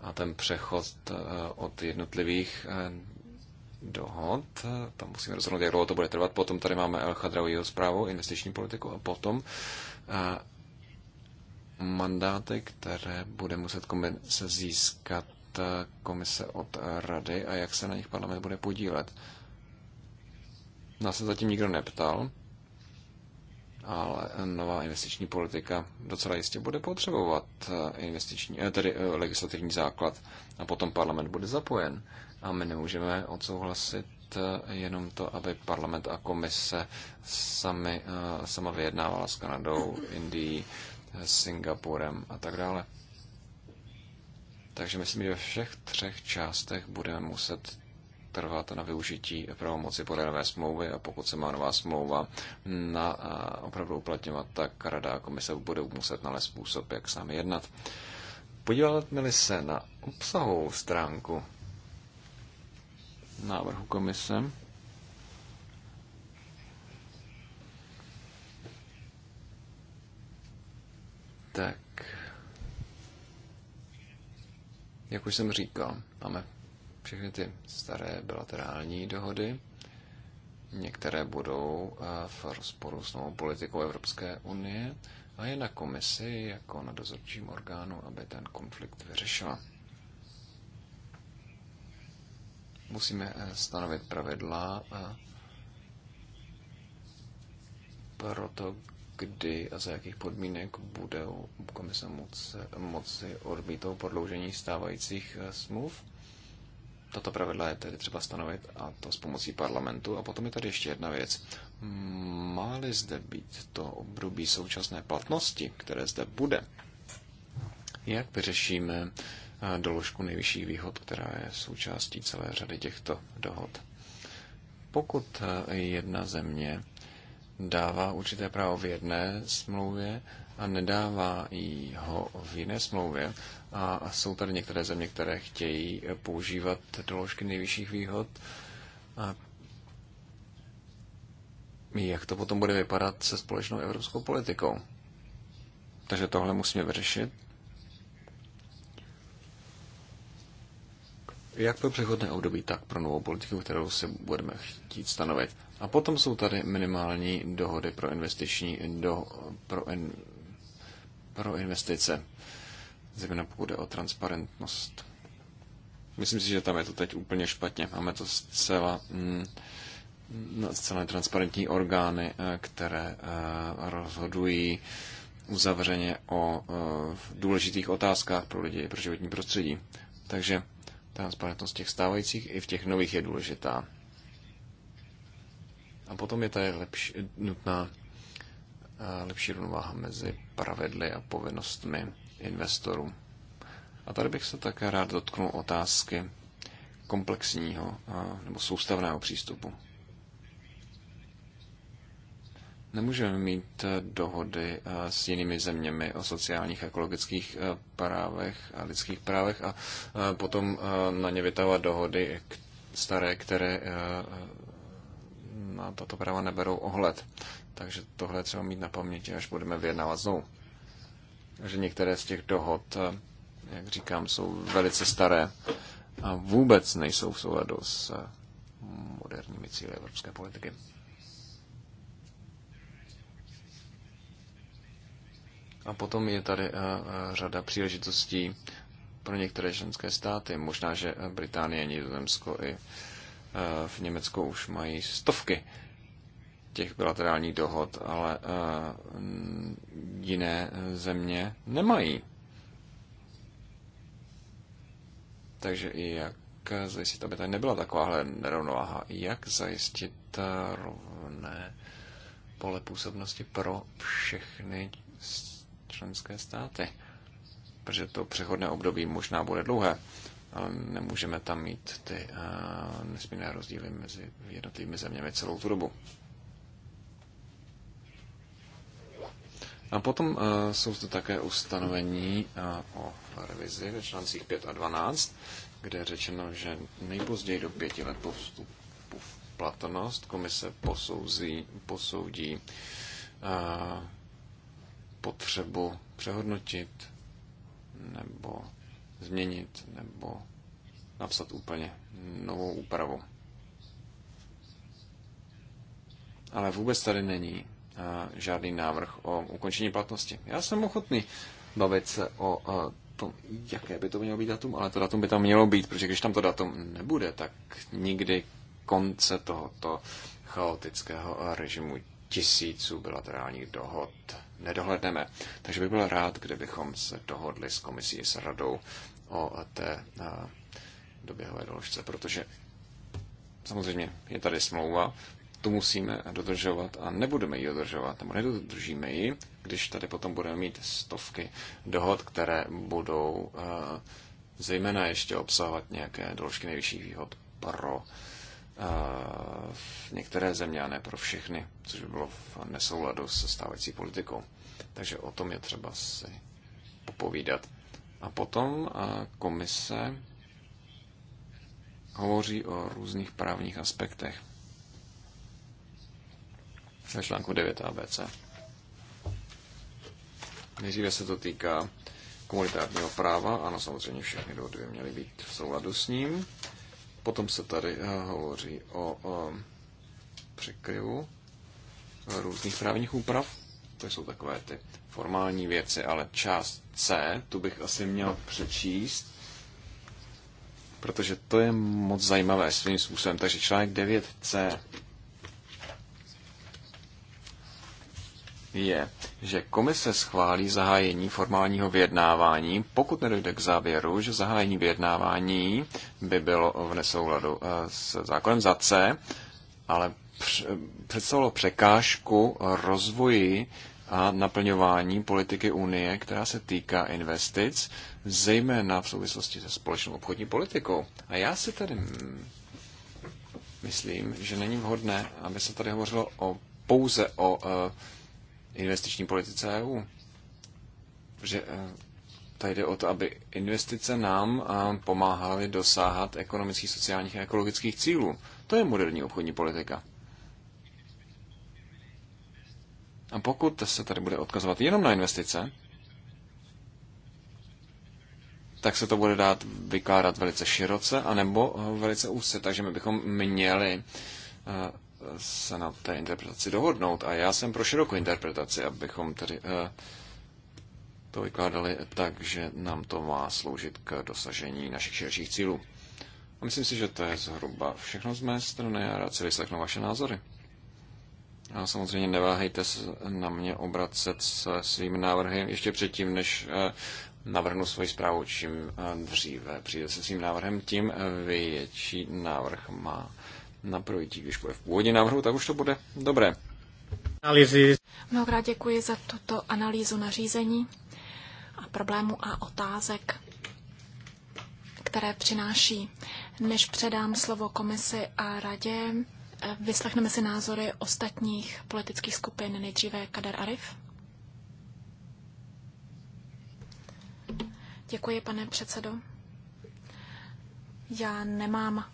a ten přechod eh, od jednotlivých eh, dohod, tam musíme rozhodnout, jak dlouho to bude trvat. Potom tady máme El Chadraujího zprávu, investiční politiku a potom mandáty, které bude muset komise získat Eh, komise od eh, rady a jak se na nich parlament bude podílet. Nás se zatím nikdo neptal, ale eh, nová investiční politika docela jistě bude potřebovat investiční, tedy legislativní základ a potom parlament bude zapojen. A my nemůžeme odsouhlasit jenom to, aby parlament a komise sami, sama vyjednávala s Kanadou, Indií, Singapurem a tak dále. Takže myslím, že ve všech třech částech budeme muset trvat na využití pravomoci podle nové smlouvy a pokud se má nová smlouva na opravdu uplatňovat, tak Rada a komise budou muset nalézt způsob, jak sám jednat. Podíváme-li se na obsahovou stránku návrhu komise, tak Jak už jsem říkal, máme všechny ty staré bilaterální dohody. Některé budou eh, v rozporu s novou politikou Evropské unie a je na komisi jako na dozorčím orgánu, aby ten konflikt vyřešila. Musíme eh, stanovit pravidla eh, pro to, kdy a za jakých podmínek bude komise moci, moci odmítnout prodloužení stávajících eh, smluv. Tato pravidla je tedy třeba stanovit a to s pomocí parlamentu. A potom je tady ještě jedna věc. Máli zde být to období současné platnosti, které zde bude, jak vyřešíme eh, doložku nejvyšších výhod, která je součástí celé řady těchto dohod? Pokud eh, jedna země dává určité právo v jedné smlouvě a nedává jí ho v jiné smlouvě. A jsou tady některé země, které chtějí používat doložky nejvyšších výhod. A jak to potom bude vypadat se společnou evropskou politikou? Takže tohle musíme vyřešit. jak pro přechodné období, tak pro novou politiku, kterou se budeme chtít stanovit. A potom jsou tady minimální dohody pro investiční do, pro, in, pro investice, zejména pokud jde o transparentnost. Myslím si, že tam je to teď úplně špatně. Máme to zcela, mm, no, zcela transparentní orgány, eh, které eh, rozhodují uzavřeně o eh, důležitých otázkách pro lidi pro životní prostředí. Takže transparentnost těch stávajících i v těch nových je důležitá. A potom je tady lepší, nutná eh, lepší rovnováha mezi pravidly a povinnostmi investorů. A tady bych se také rád dotknul otázky komplexního eh, nebo soustavného přístupu. Nemůžeme mít eh, dohody eh, s jinými zeměmi o sociálních, ekologických eh, právech a lidských právech a potom na ně vytávat dohody staré, které na tato práva neberou ohled. Takže tohle třeba mít na paměti, až budeme vyjednávat znovu. Že některé z těch dohod, jak říkám, jsou velice staré a vůbec nejsou v souladu s moderními cíly evropské politiky. A potom je tady eh, eh, řada příležitostí pro některé členské státy. Možná, že eh, Británie, Nizozemsko i v Německu už mají stovky těch bilaterálních dohod, ale jiné země nemají. Takže i jak zajistit, aby tady nebyla takováhle nerovnováha, jak zajistit rovné pole působnosti pro všechny členské státy. Protože to přechodné období možná bude dlouhé, ale nemůžeme tam mít ty eh, nesmírné rozdíly mezi jednotlivými zeměmi celou tu dobu. A potom uh, jsou zde také ustanovení uh, o revizi ve článcích 5 a 12, kde je řečeno, že nejpozději do pěti let po vstupu v platnost komise posouzí, posoudí uh, potřebu přehodnotit nebo změnit nebo napsat úplně novou úpravu. Ale vůbec tady není eh, žádný návrh o ukončení platnosti. Já jsem ochotný bavit se o eh, tom, jaké by to mělo být datum, ale to datum by tam mělo být, protože když tam to datum nebude, tak nikdy konce tohoto chaotického režimu tisíců bilaterálních dohod nedohledneme. Takže bych byl rád, kdybychom se dohodli s komisí, s radou o té doběhové doložce, protože samozřejmě je tady smlouva, tu musíme dodržovat a nebudeme ji dodržovat, nebo nedodržíme ji, když tady potom budeme mít stovky dohod, které budou zejména ještě obsahovat nějaké doložky nejvyšších výhod pro v některé země a ne pro všechny, což by bylo v nesouladu se stávající politikou. Takže o tom je třeba si popovídat. A potom komise hovoří o různých právních aspektech ve článku 9 ABC. Nejdříve se to týká komunitárního práva, ano, samozřejmě všechny dohody by měly být v souladu s ním. Potom se tady eh, hovoří o, o eh, překryvu různých právních úprav. To jsou takové ty formální věci, ale část C, tu bych asi měl přečíst, protože to je moc zajímavé svým způsobem. Takže článek 9C je, že komise schválí zahájení formálního vyjednávání, pokud nedojde k závěru, že zahájení vyjednávání by bylo v nesouladu eh, s zákonem za C, ale představilo překážku rozvoji a naplňování politiky Unie, která se týká investic, zejména v souvislosti se společnou obchodní politikou. A já si tady myslím, že není vhodné, aby se tady hovořilo o, pouze o e, investiční politice EU. uh, e, tady jde o to, aby investice nám e, pomáhaly dosáhat ekonomických, sociálních a ekologických cílů. To je moderní obchodní politika. A pokud se tady bude odkazovat jenom na investice, tak se to bude dát vykládat velice široce anebo eh, velice úzce. Takže my bychom měli eh, se na té interpretaci dohodnout. A já jsem pro širokou interpretaci, abychom tedy eh, to vykládali tak, že nám to má sloužit k dosažení našich širších cílů. A myslím si, že to je zhruba všechno z mé strany a rád si vyslechnu vaše názory. A samozřejmě neváhejte se na mě obracet se svými návrhy ještě předtím, než eh, navrhnu svoji zprávu čím eh, dříve. Přijde se svým návrhem, tím eh, větší návrh má na projití. Když bude v původě návrhu, tak už to bude dobré. Analýzy. Mnohokrát děkuji za tuto analýzu nařízení a problému a otázek, které přináší. Než předám slovo komisi a radě, Eh, vyslechneme si názory ostatních politických skupin, nejdříve Kader Arif. Děkuji, pane předsedo. Já nemám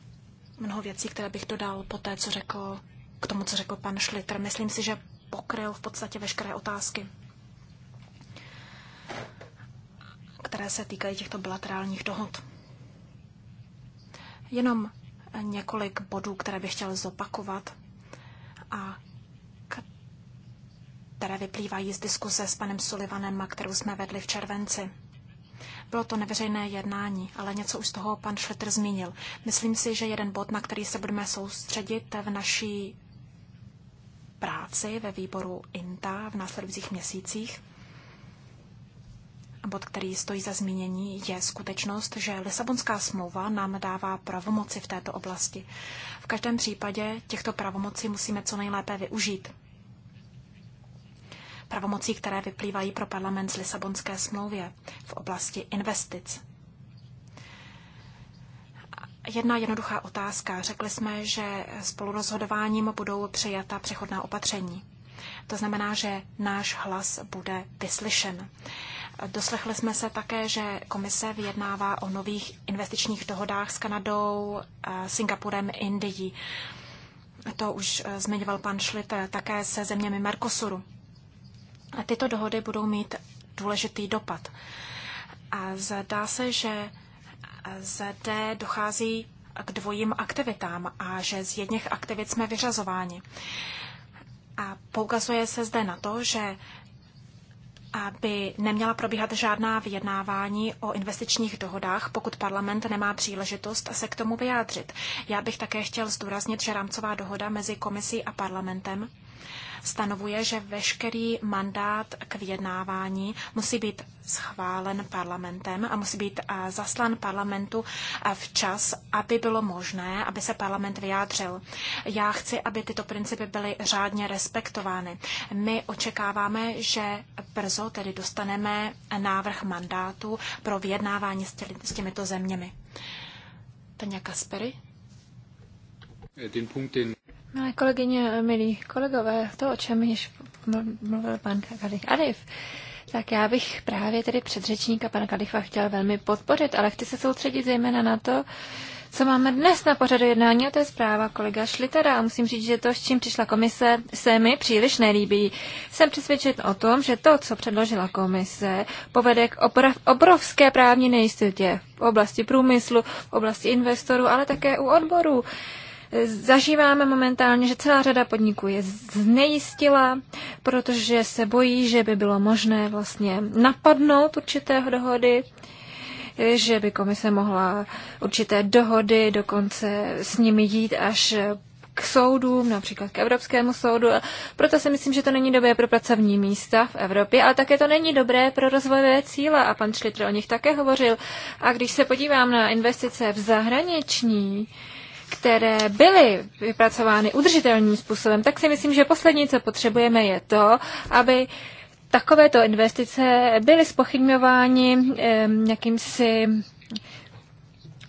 mnoho věcí, které bych dodal po té, co řekl, k tomu, co řekl pan Šliter. Myslím si, že pokryl v podstatě veškeré otázky, které se týkají těchto bilaterálních dohod. Jenom několik bodů, které bych chtěl zopakovat a které vyplývají z diskuse s panem Sullivanem, kterou jsme vedli v červenci. Bylo to neveřejné jednání, ale něco už z toho pan Šleter zmínil. Myslím si, že jeden bod, na který se budeme soustředit v naší práci ve výboru INTA v následujících měsících, bod, který stojí za zmínění, je skutečnost, že Lisabonská smlouva nám dává pravomoci v této oblasti. V každém případě těchto pravomocí musíme co nejlépe využít. Pravomocí, které vyplývají pro parlament z Lisabonské smlouvě v oblasti investic. Jedna jednoduchá otázka. Řekli jsme, že spolurozhodováním budou přijata přechodná opatření. To znamená, že náš hlas bude vyslyšen. Doslechli jsme se také, že komise vyjednává o nových investičních dohodách s Kanadou, eh, Singapurem, Indií. To už eh, zmiňoval pan Schlitter, také se zeměmi Mercosuru. tyto dohody budou mít důležitý dopad. A zdá se, že eh, zde dochází k dvojím aktivitám a že z jedných aktivit jsme vyřazováni. A poukazuje se zde na to, že aby neměla probíhat žádná vyjednávání o investičních dohodách, pokud parlament nemá příležitost se k tomu vyjádřit. Já bych také chtěl zdůraznit, že rámcová dohoda mezi komisí a parlamentem stanovuje, že veškerý mandát k vyjednávání musí být schválen parlamentem a musí být eh, zaslan parlamentu eh, včas, aby bylo možné, aby se parlament vyjádřil. Já chci, aby tyto principy byly řádně respektovány. My očekáváme, že brzo tedy dostaneme návrh mandátu pro vyjednávání s těmito zeměmi. Tanja Kaspery? Eh, den Punkt, den Milé kolegyně, milí kolegové, to, o čem již mluvil pan Kadich Arif, tak já bych právě tedy předřečníka pana Kadifa chtěla velmi podpořit, ale chci se soustředit zejména na to, co máme dnes na pořadu jednání, a to je zpráva kolega Šlitera. A musím říct, že to, s čím přišla komise, se mi příliš nelíbí. Jsem přesvědčen o tom, že to, co předložila komise, povede k obrovské právní nejistotě v oblasti průmyslu, v oblasti investorů, ale také u odborů. Zažíváme momentálně, že celá řada podniků je znejistila, protože se bojí, že by bylo možné vlastně napadnout určitého dohody, že by komise mohla určité dohody dokonce s nimi jít až k soudům, například k Evropskému soudu. Proto si myslím, že to není dobré pro pracovní místa v Evropě, ale také to není dobré pro rozvojové cíle a pan Šlitr o nich také hovořil. A když se podívám na investice v zahraniční, které byly vypracovány udržitelným způsobem, tak si myslím, že poslední, co potřebujeme, je to, aby takovéto investice byly spochybňovány jakýmsi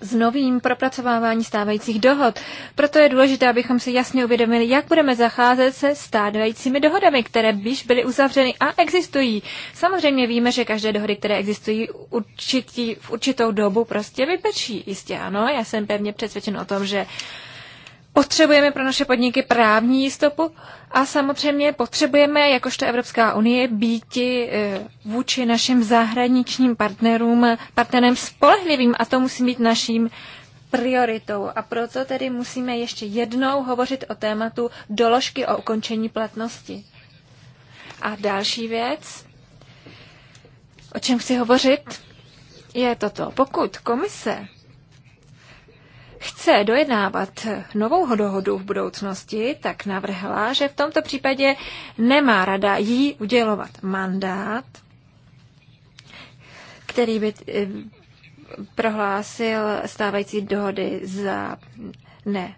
s novým propracovávání stávajících dohod. Proto je důležité, abychom si jasně uvědomili, jak budeme zacházet se stávajícími dohodami, které již byly uzavřeny a existují. Samozřejmě víme, že každé dohody, které existují určitý, v určitou dobu, prostě vypečí. Jistě ano, já jsem pevně přesvědčen o tom, že Potřebujeme pro naše podniky právní jistotu a samozřejmě potřebujeme, jakožto Evropská unie, být e, vůči našim zahraničním partnerům, partnerem spolehlivým a to musí být naším prioritou. A proto tedy musíme ještě jednou hovořit o tématu doložky o ukončení platnosti. A další věc, o čem chci hovořit, je toto. Pokud komise chce dojednávat novou dohodu v budoucnosti, tak navrhla, že v tomto případě nemá rada jí udělovat mandát, který by eh, prohlásil stávající dohody za ne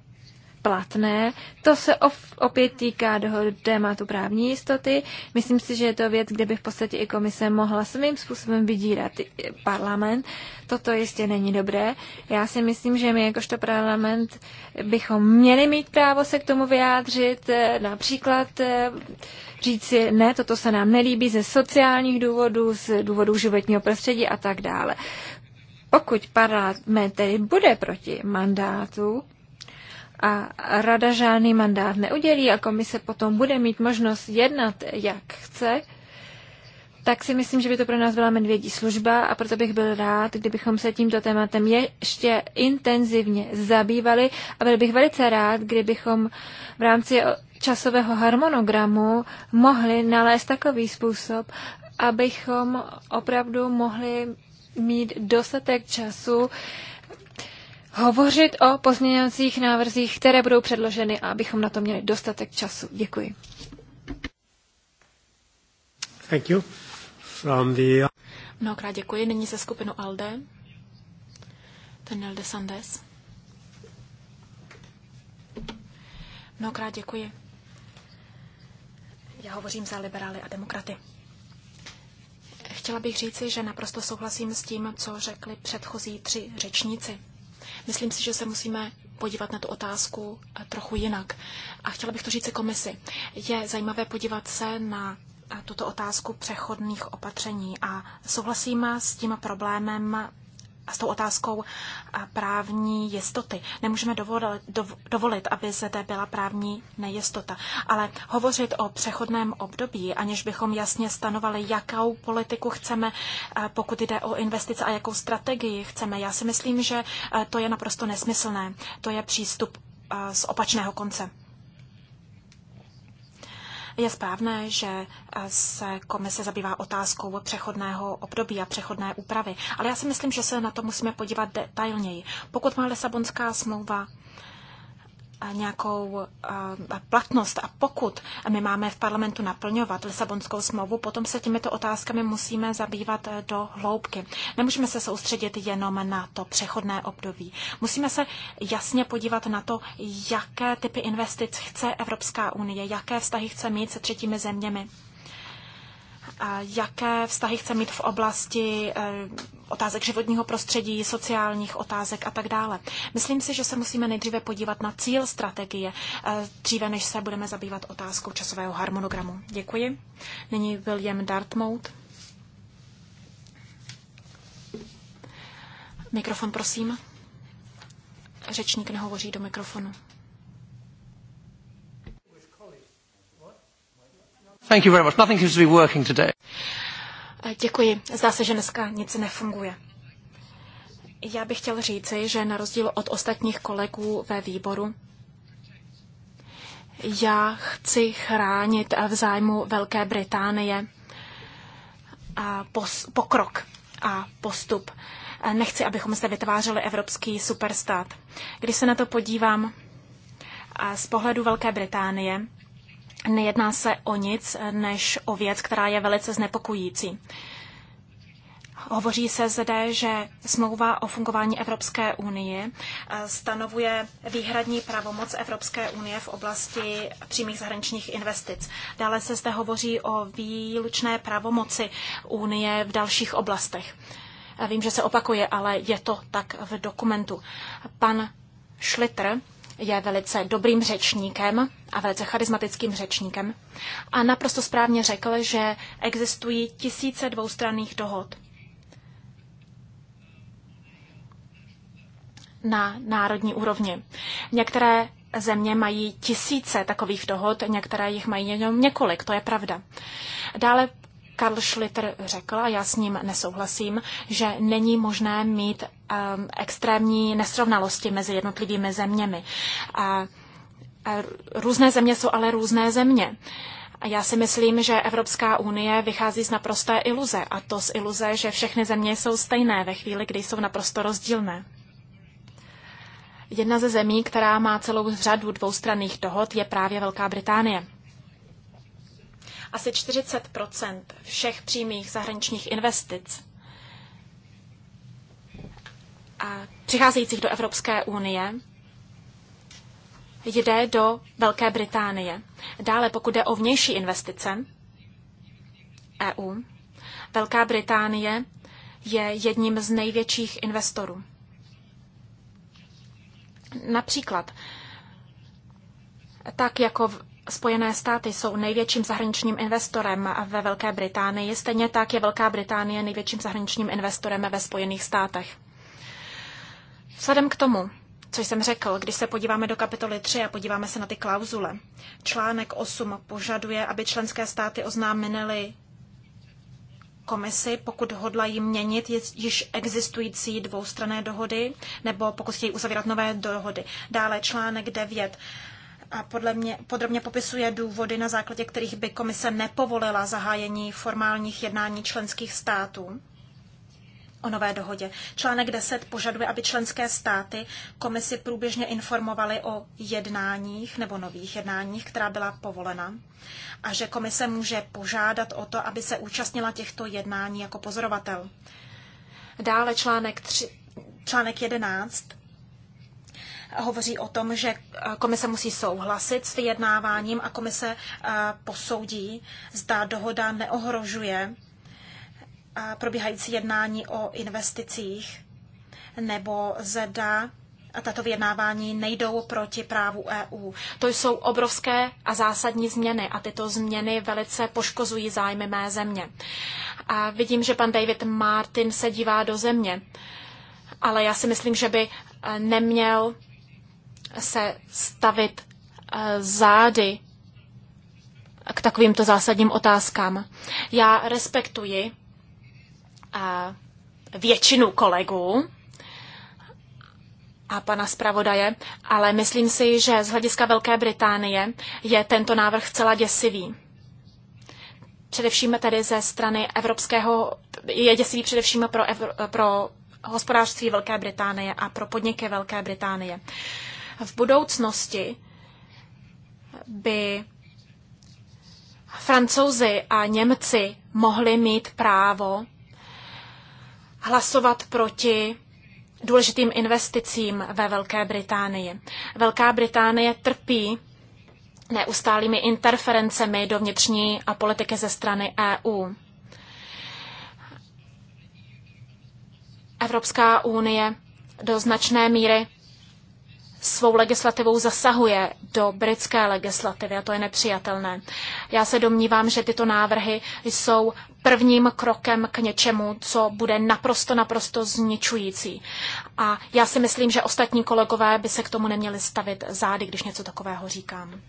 platné. To se opět týká dohod tématu právní jistoty. Myslím si, že je to věc, kde by v podstatě i komise mohla svým způsobem vydírat parlament. Toto jistě není dobré. Já si myslím, že my jakožto parlament bychom měli mít právo se k tomu vyjádřit, eh, například eh, říci, ne, toto se nám nelíbí ze sociálních důvodů, z důvodů životního prostředí a tak dále. Pokud parlament tedy bude proti mandátu, a rada žádný mandát neudělí a komise potom bude mít možnost jednat, jak chce, tak si myslím, že by to pro nás byla medvědí služba a proto bych byl rád, kdybychom se tímto tématem ještě intenzivně zabývali a byl bych velice rád, kdybychom v rámci časového harmonogramu mohli nalézt takový způsob, abychom opravdu mohli mít dostatek času hovořit o pozměňovacích návrzích, které budou předloženy a abychom na to měli dostatek času. Děkuji. Thank you. From the... Mnohokrát děkuji. Nyní se skupinu ALDE. Ten Alde Sandes. Mnohokrát děkuji. Já hovořím za liberály a demokraty. Chtěla bych říci, že naprosto souhlasím s tím, co řekli předchozí tři řečníci. Myslím si, že se musíme podívat na tu otázku eh, trochu jinak. A chtěla bych to říct i komisi. Je zajímavé podívat se na eh, tuto otázku přechodných opatření a souhlasíme s tím problémem s tou otázkou eh, právní jistoty. Nemůžeme dovolit, dovolit, aby zde byla právní nejistota. Ale hovořit o přechodném období, aniž bychom jasně stanovali, jakou politiku chceme, eh, pokud jde o investice a jakou strategii chceme, já si myslím, že eh, to je naprosto nesmyslné. To je přístup z opačného konce. Je správné, že eh, se komise zabývá otázkou přechodného období a přechodné úpravy, ale já si myslím, že se na to musíme podívat detailněji. Pokud má Lisabonská smlouva nějakou eh, platnost a pokud my máme v parlamentu naplňovat Lisabonskou smlouvu, potom se těmito otázkami musíme zabývat eh, do hloubky. Nemůžeme se soustředit jenom na to přechodné období. Musíme se jasně podívat na to, jaké typy investic chce Evropská unie, jaké vztahy chce mít se třetími zeměmi jaké vztahy chce mít v oblasti eh, otázek životního prostředí, sociálních otázek a tak dále. Myslím si, že se musíme nejdříve podívat na cíl strategie, eh, dříve než se budeme zabývat otázkou časového harmonogramu. Děkuji. Nyní William Dartmouth. Mikrofon, prosím. Řečník nehovoří do mikrofonu. Thank you very much. Nothing seems to be working today. Eh, děkuji. Zdá se, že dneska nic nefunguje. Já bych chtěl říci, že na rozdíl od ostatních kolegů ve výboru, já chci chránit v zájmu Velké Británie a eh, pos, pokrok a postup. Eh, nechci, abychom se vytvářeli evropský superstát. Když se na to podívám z pohledu Velké Británie, Nejedná se o nic než o věc, která je velice znepokojící. Hovoří se zde, že smlouva o fungování Evropské unie eh, stanovuje výhradní pravomoc Evropské unie v oblasti přímých zahraničních investic. Dále se zde hovoří o výlučné pravomoci unie v dalších oblastech. Eh, vím, že se opakuje, ale je to tak v dokumentu. Pan Schlitter je velice dobrým řečníkem a velice charismatickým řečníkem a naprosto správně řekl, že existují tisíce dvoustranných dohod na národní úrovni. Některé země mají tisíce takových dohod, některé jich mají jenom několik, to je pravda. Dále Karl Schlitter řekl, a já s ním nesouhlasím, že není možné mít um, extrémní nesrovnalosti mezi jednotlivými zeměmi. A, a různé země jsou ale různé země. A já si myslím, že Evropská unie vychází z naprosté iluze, a to z iluze, že všechny země jsou stejné ve chvíli, kdy jsou naprosto rozdílné. Jedna ze zemí, která má celou řadu dvoustranných dohod, je právě Velká Británie asi 40 všech přímých zahraničních investic a přicházejících do Evropské unie jde do Velké Británie. Dále, pokud jde o vnější investice EU, Velká Británie je jedním z největších investorů. Například, tak jako Spojené státy jsou největším zahraničním investorem ve Velké Británii, stejně tak je Velká Británie největším zahraničním investorem ve Spojených státech. Vzhledem k tomu, co jsem řekl, když se podíváme do kapitoly 3 a podíváme se na ty klauzule, článek 8 požaduje, aby členské státy oznámily komisi, pokud hodlají měnit již existující dvoustranné dohody nebo pokud chtějí uzavírat nové dohody. Dále článek 9 a podle mě, podrobně popisuje důvody, na základě kterých by komise nepovolila zahájení formálních jednání členských států o nové dohodě. Článek 10 požaduje, aby členské státy komisi průběžně informovaly o jednáních nebo nových jednáních, která byla povolena a že komise může požádat o to, aby se účastnila těchto jednání jako pozorovatel. Dále článek, 3, článek 11 hovoří o tom, že eh, komise musí souhlasit s vyjednáváním a komise eh, posoudí, zda dohoda neohrožuje eh, probíhající jednání o investicích nebo zda a tato vyjednávání nejdou proti právu EU. To jsou obrovské a zásadní změny a tyto změny velice poškozují zájmy mé země. A vidím, že pan David Martin se dívá do země, ale já si myslím, že by neměl se stavit eh, zády k takovýmto zásadním otázkám. Já respektuji eh, většinu kolegů a pana zpravodaje, ale myslím si, že z hlediska Velké Británie je tento návrh celá děsivý. Především tedy ze strany evropského, je děsivý především pro, evro, pro hospodářství Velké Británie a pro podniky Velké Británie. Uh, v budoucnosti by Francouzi a Němci mohli mít právo hlasovat proti důležitým investicím ve Velké Británii. Velká Británie trpí neustálými interferencemi do vnitřní a politiky ze strany EU. Evropská unie do značné míry svou legislativou zasahuje do britské legislativy a to je nepřijatelné. Já se domnívám, že tyto návrhy jsou prvním krokem k něčemu, co bude naprosto, naprosto zničující. A já si myslím, že ostatní kolegové by se k tomu neměli stavit zády, když něco takového říkám.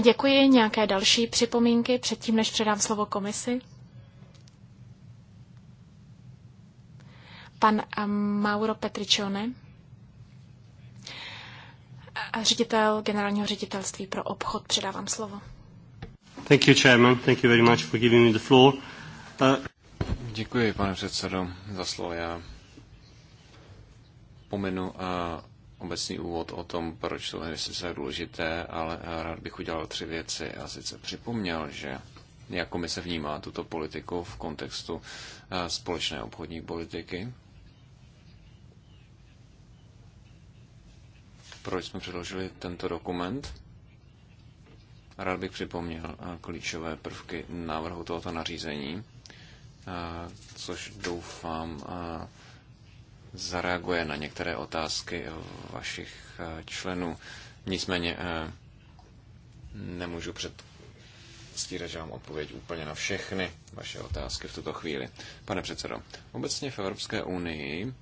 Děkuji. Nějaké další připomínky předtím, než předám slovo komisi? Pan eh, Mauro Petricione ředitel generálního ředitelství pro obchod. Předávám slovo. Thank you, Chairman. Thank you very much for giving me the floor. Uh... Děkuji, pane předsedo, za slovo. Já pomenu uh, obecný úvod o tom, proč jsou investice důležité, ale uh, rád bych udělal tři věci a sice připomněl, že jak komise vnímá tuto politiku v kontextu uh, společné obchodní politiky, proč jsme předložili tento dokument. Rád bych připomněl eh, klíčové prvky návrhu tohoto nařízení, eh, což doufám eh, zareaguje na některé otázky vašich členů. Nicméně nemůžu předstírat, že vám odpověď úplně na všechny vaše otázky v tuto chvíli. Pane předsedo, obecně v Evropské unii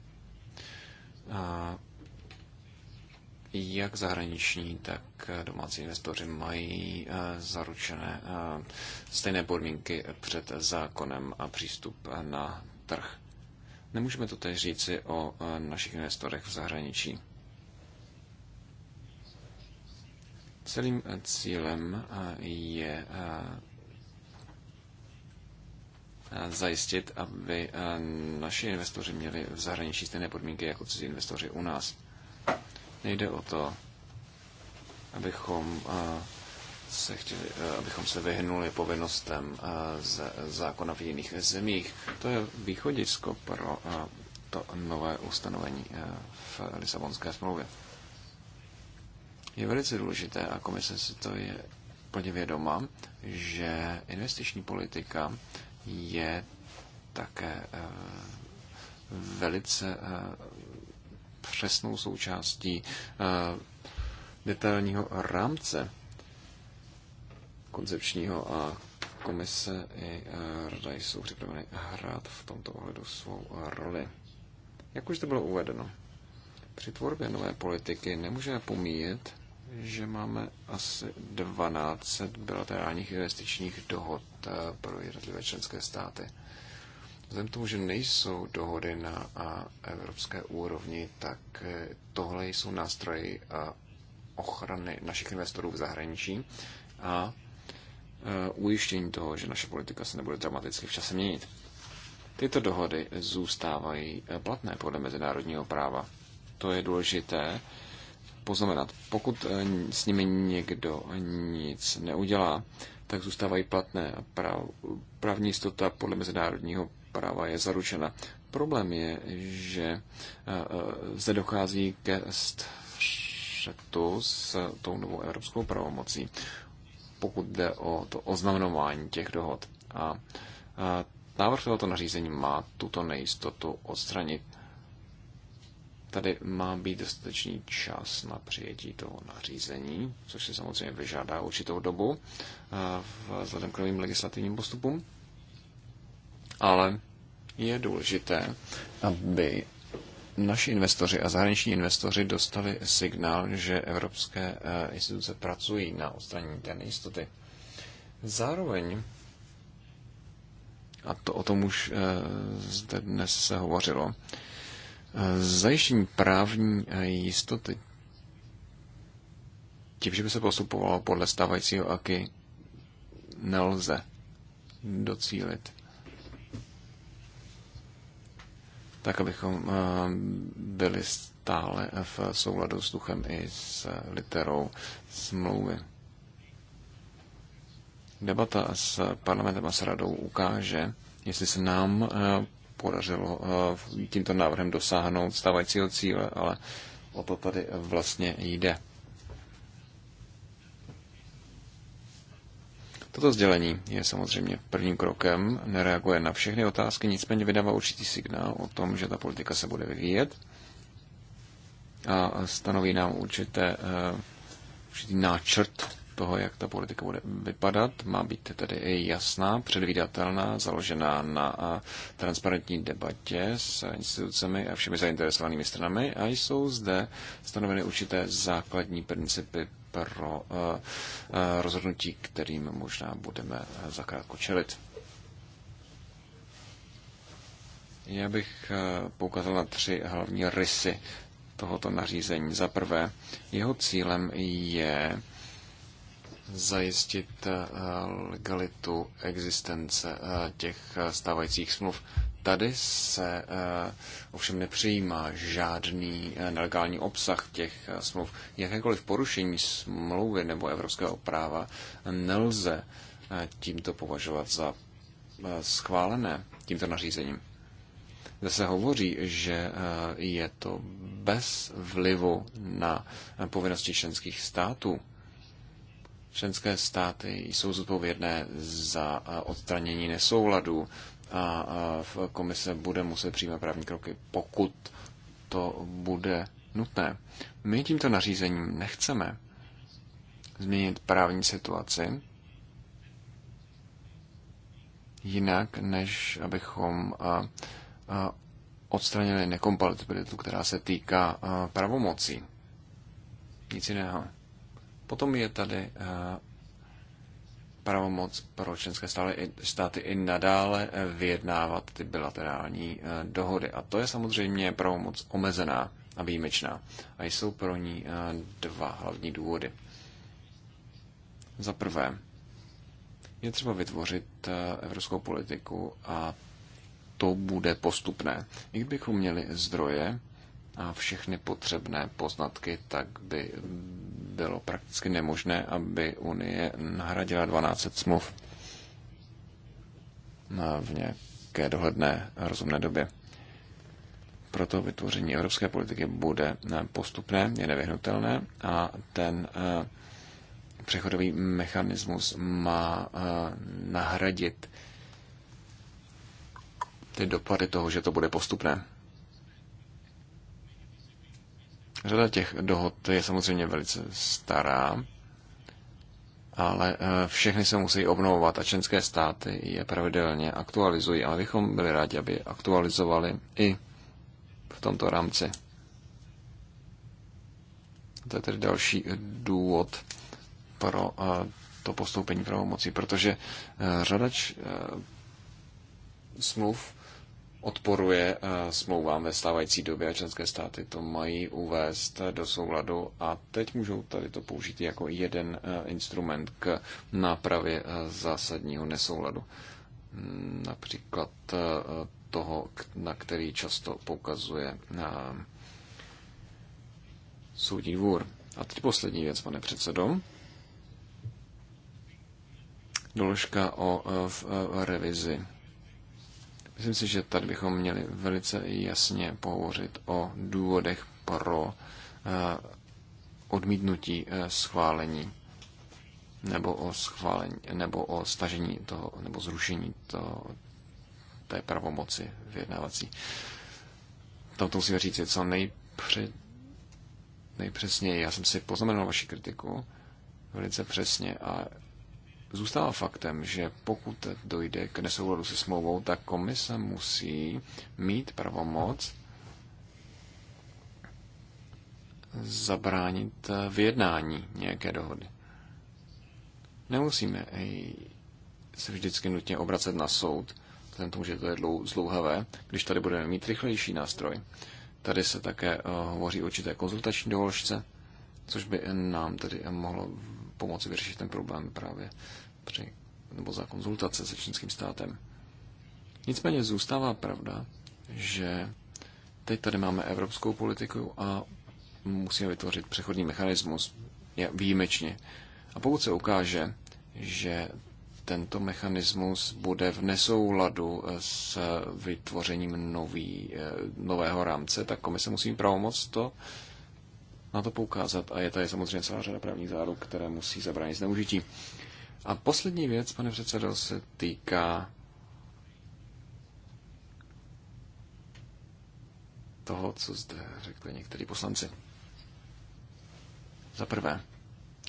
jak zahraniční, tak eh, domácí investoři mají eh, zaručené eh, stejné podmínky před zákonem a přístup na trh. Nemůžeme to teď říci o našich investorech v zahraničí. Celým cílem je zajistit, aby naši investoři měli v zahraničí stejné podmínky jako cizí investoři u nás. Nejde o to, abychom eh, se, chtěli, eh, abychom se vyhnuli povinnostem eh, z zákona v jiných zemích. To je východisko pro to nové ustanovení v Lisabonské smlouvě. Je velice důležité, a komise si to je plně vědoma, že investiční politika je také velice přesnou součástí eh, detailního rámce koncepčního a komise i eh, rada jsou připraveny hrát v tomto ohledu svou roli. Jak už to bylo uvedeno, při tvorbě nové politiky nemůžeme pomíjet, že máme asi 12 bilaterálních investičních dohod eh, pro jednotlivé členské státy. Vzhledem k tomu, že nejsou dohody na evropské úrovni, tak e, tohle jsou nástroje ochrany našich investorů v zahraničí a e, ujištění toho, že naše politika se nebude dramaticky v čase měnit. Tyto dohody zůstávají e, platné podle mezinárodního práva. To je důležité poznamenat. Pokud s nimi někdo nic neudělá, tak zůstávají platné a právní jistota podle mezinárodního práva je zaručena. Problém je, že eh, eh, zde dochází ke střetu s tou novou evropskou pravomocí, pokud jde o to oznamování těch dohod. A eh, návrh tohoto nařízení má tuto nejistotu odstranit. Tady má být dostatečný čas na přijetí toho nařízení, což se samozřejmě vyžádá určitou dobu vzhledem k novým legislativním postupům ale je důležité, aby naši investoři a zahraniční investoři dostali signál, že evropské eh, instituce pracují na odstranění té nejistoty. Zároveň, a to o tom už eh, zde dnes se hovořilo, eh, zajištění právní jistoty tím, že by se postupovalo podle stávajícího AKY, nelze docílit. tak abychom eh, byli stále v souladu s duchem i s literou smlouvy. Debata s parlamentem a s radou ukáže, jestli se nám eh, podařilo eh, tímto návrhem dosáhnout stávajícího cíle, ale o to tady vlastně jde. Toto sdělení je samozřejmě prvním krokem, nereaguje na všechny otázky, nicméně vydává určitý signál o tom, že ta politika se bude vyvíjet a stanoví nám určité, eh, určitý náčrt toho, jak ta politika bude vypadat. Má být tedy i jasná, předvídatelná, založená na eh, transparentní debatě s institucemi a všemi zainteresovanými stranami a jsou zde stanoveny určité základní principy pro eh, eh, rozhodnutí, kterým možná budeme eh, zakrátko čelit. Já bych poukázal na tři hlavní rysy tohoto nařízení. Za prvé, jeho cílem je zajistit legalitu existence těch stávajících smluv. Tady se eh, ovšem nepřijímá žádný eh, nelegální obsah těch eh, smluv. Jakékoliv porušení smlouvy nebo evropského práva nelze tímto považovat za schválené tímto nařízením. Zase hovoří, že je to bez vlivu na povinnosti členských států. Členské státy jsou zodpovědné za odstranění nesouladů, a v komise bude muset přijímat právní kroky, pokud to bude nutné. My tímto nařízením nechceme změnit právní situaci jinak, než abychom odstranili nekompatibilitu, která se týká pravomocí. Nic jiného. Potom je tady pravomoc pro členské státy i nadále eh, vyjednávat ty bilaterální eh, dohody. A to je samozřejmě pravomoc omezená a výjimečná. A jsou pro ní eh, dva hlavní důvody. Za prvé, je třeba vytvořit evropskou politiku a to bude postupné. I kdybychom měli zdroje a všechny potřebné poznatky, tak by bylo prakticky nemožné, aby Unie nahradila 12 smluv v nějaké dohledné rozumné době. Proto vytvoření evropské politiky bude eh, postupné, je nevyhnutelné a ten eh, přechodový mechanismus má eh, nahradit ty dopady toho, že to bude postupné. Řada těch dohod je samozřejmě velice stará, ale eh, všechny se musí obnovovat a členské státy je pravidelně aktualizují. A bychom byli rádi, aby je aktualizovali i v tomto rámci. To je tedy další důvod pro eh, to postoupení pravomocí, protože eh, řadač smluv odporuje eh, smlouvám ve stávající době a členské státy to mají uvést eh, do souladu a teď můžou tady to použít jako jeden eh, instrument k nápravě zásadního nesouladu. Mm, například toho, na který často poukazuje soudní dvůr. A teď poslední věc, pane předsedo. Doložka o v, v revizi Myslím si, že tady bychom měli velice jasně pohovořit o důvodech pro eh, odmítnutí eh, schválení nebo o schválení, nebo o stažení toho, nebo zrušení toho, té pravomoci vyjednávací. To, to musíme říct je co nejpře, nejpřesněji. Já jsem si poznamenal vaši kritiku velice přesně a Zůstává faktem, že pokud dojde k nesouladu se smlouvou, tak komise musí mít pravomoc zabránit vyjednání nějaké dohody. Nemusíme se vždycky nutně obracet na soud, vzhledem tomu, že to je zlouhavé, když tady budeme mít rychlejší nástroj. Tady se také eh, hovoří o určité konzultační doložce, což by nám tady mohlo pomoci vyřešit ten problém právě při, nebo za konzultace se čínským státem. Nicméně zůstává pravda, že teď tady máme evropskou politiku a musíme vytvořit přechodní mechanismus výjimečně. A pokud se ukáže, že tento mechanismus bude v nesouladu s vytvořením nový, eh, nového rámce, tak komise musí pravomoc to na to poukázat. A je tady samozřejmě celá řada právních záruk, které musí zabránit zneužití. A poslední věc, pane předsedo, se týká toho, co zde řekli někteří poslanci. Za prvé,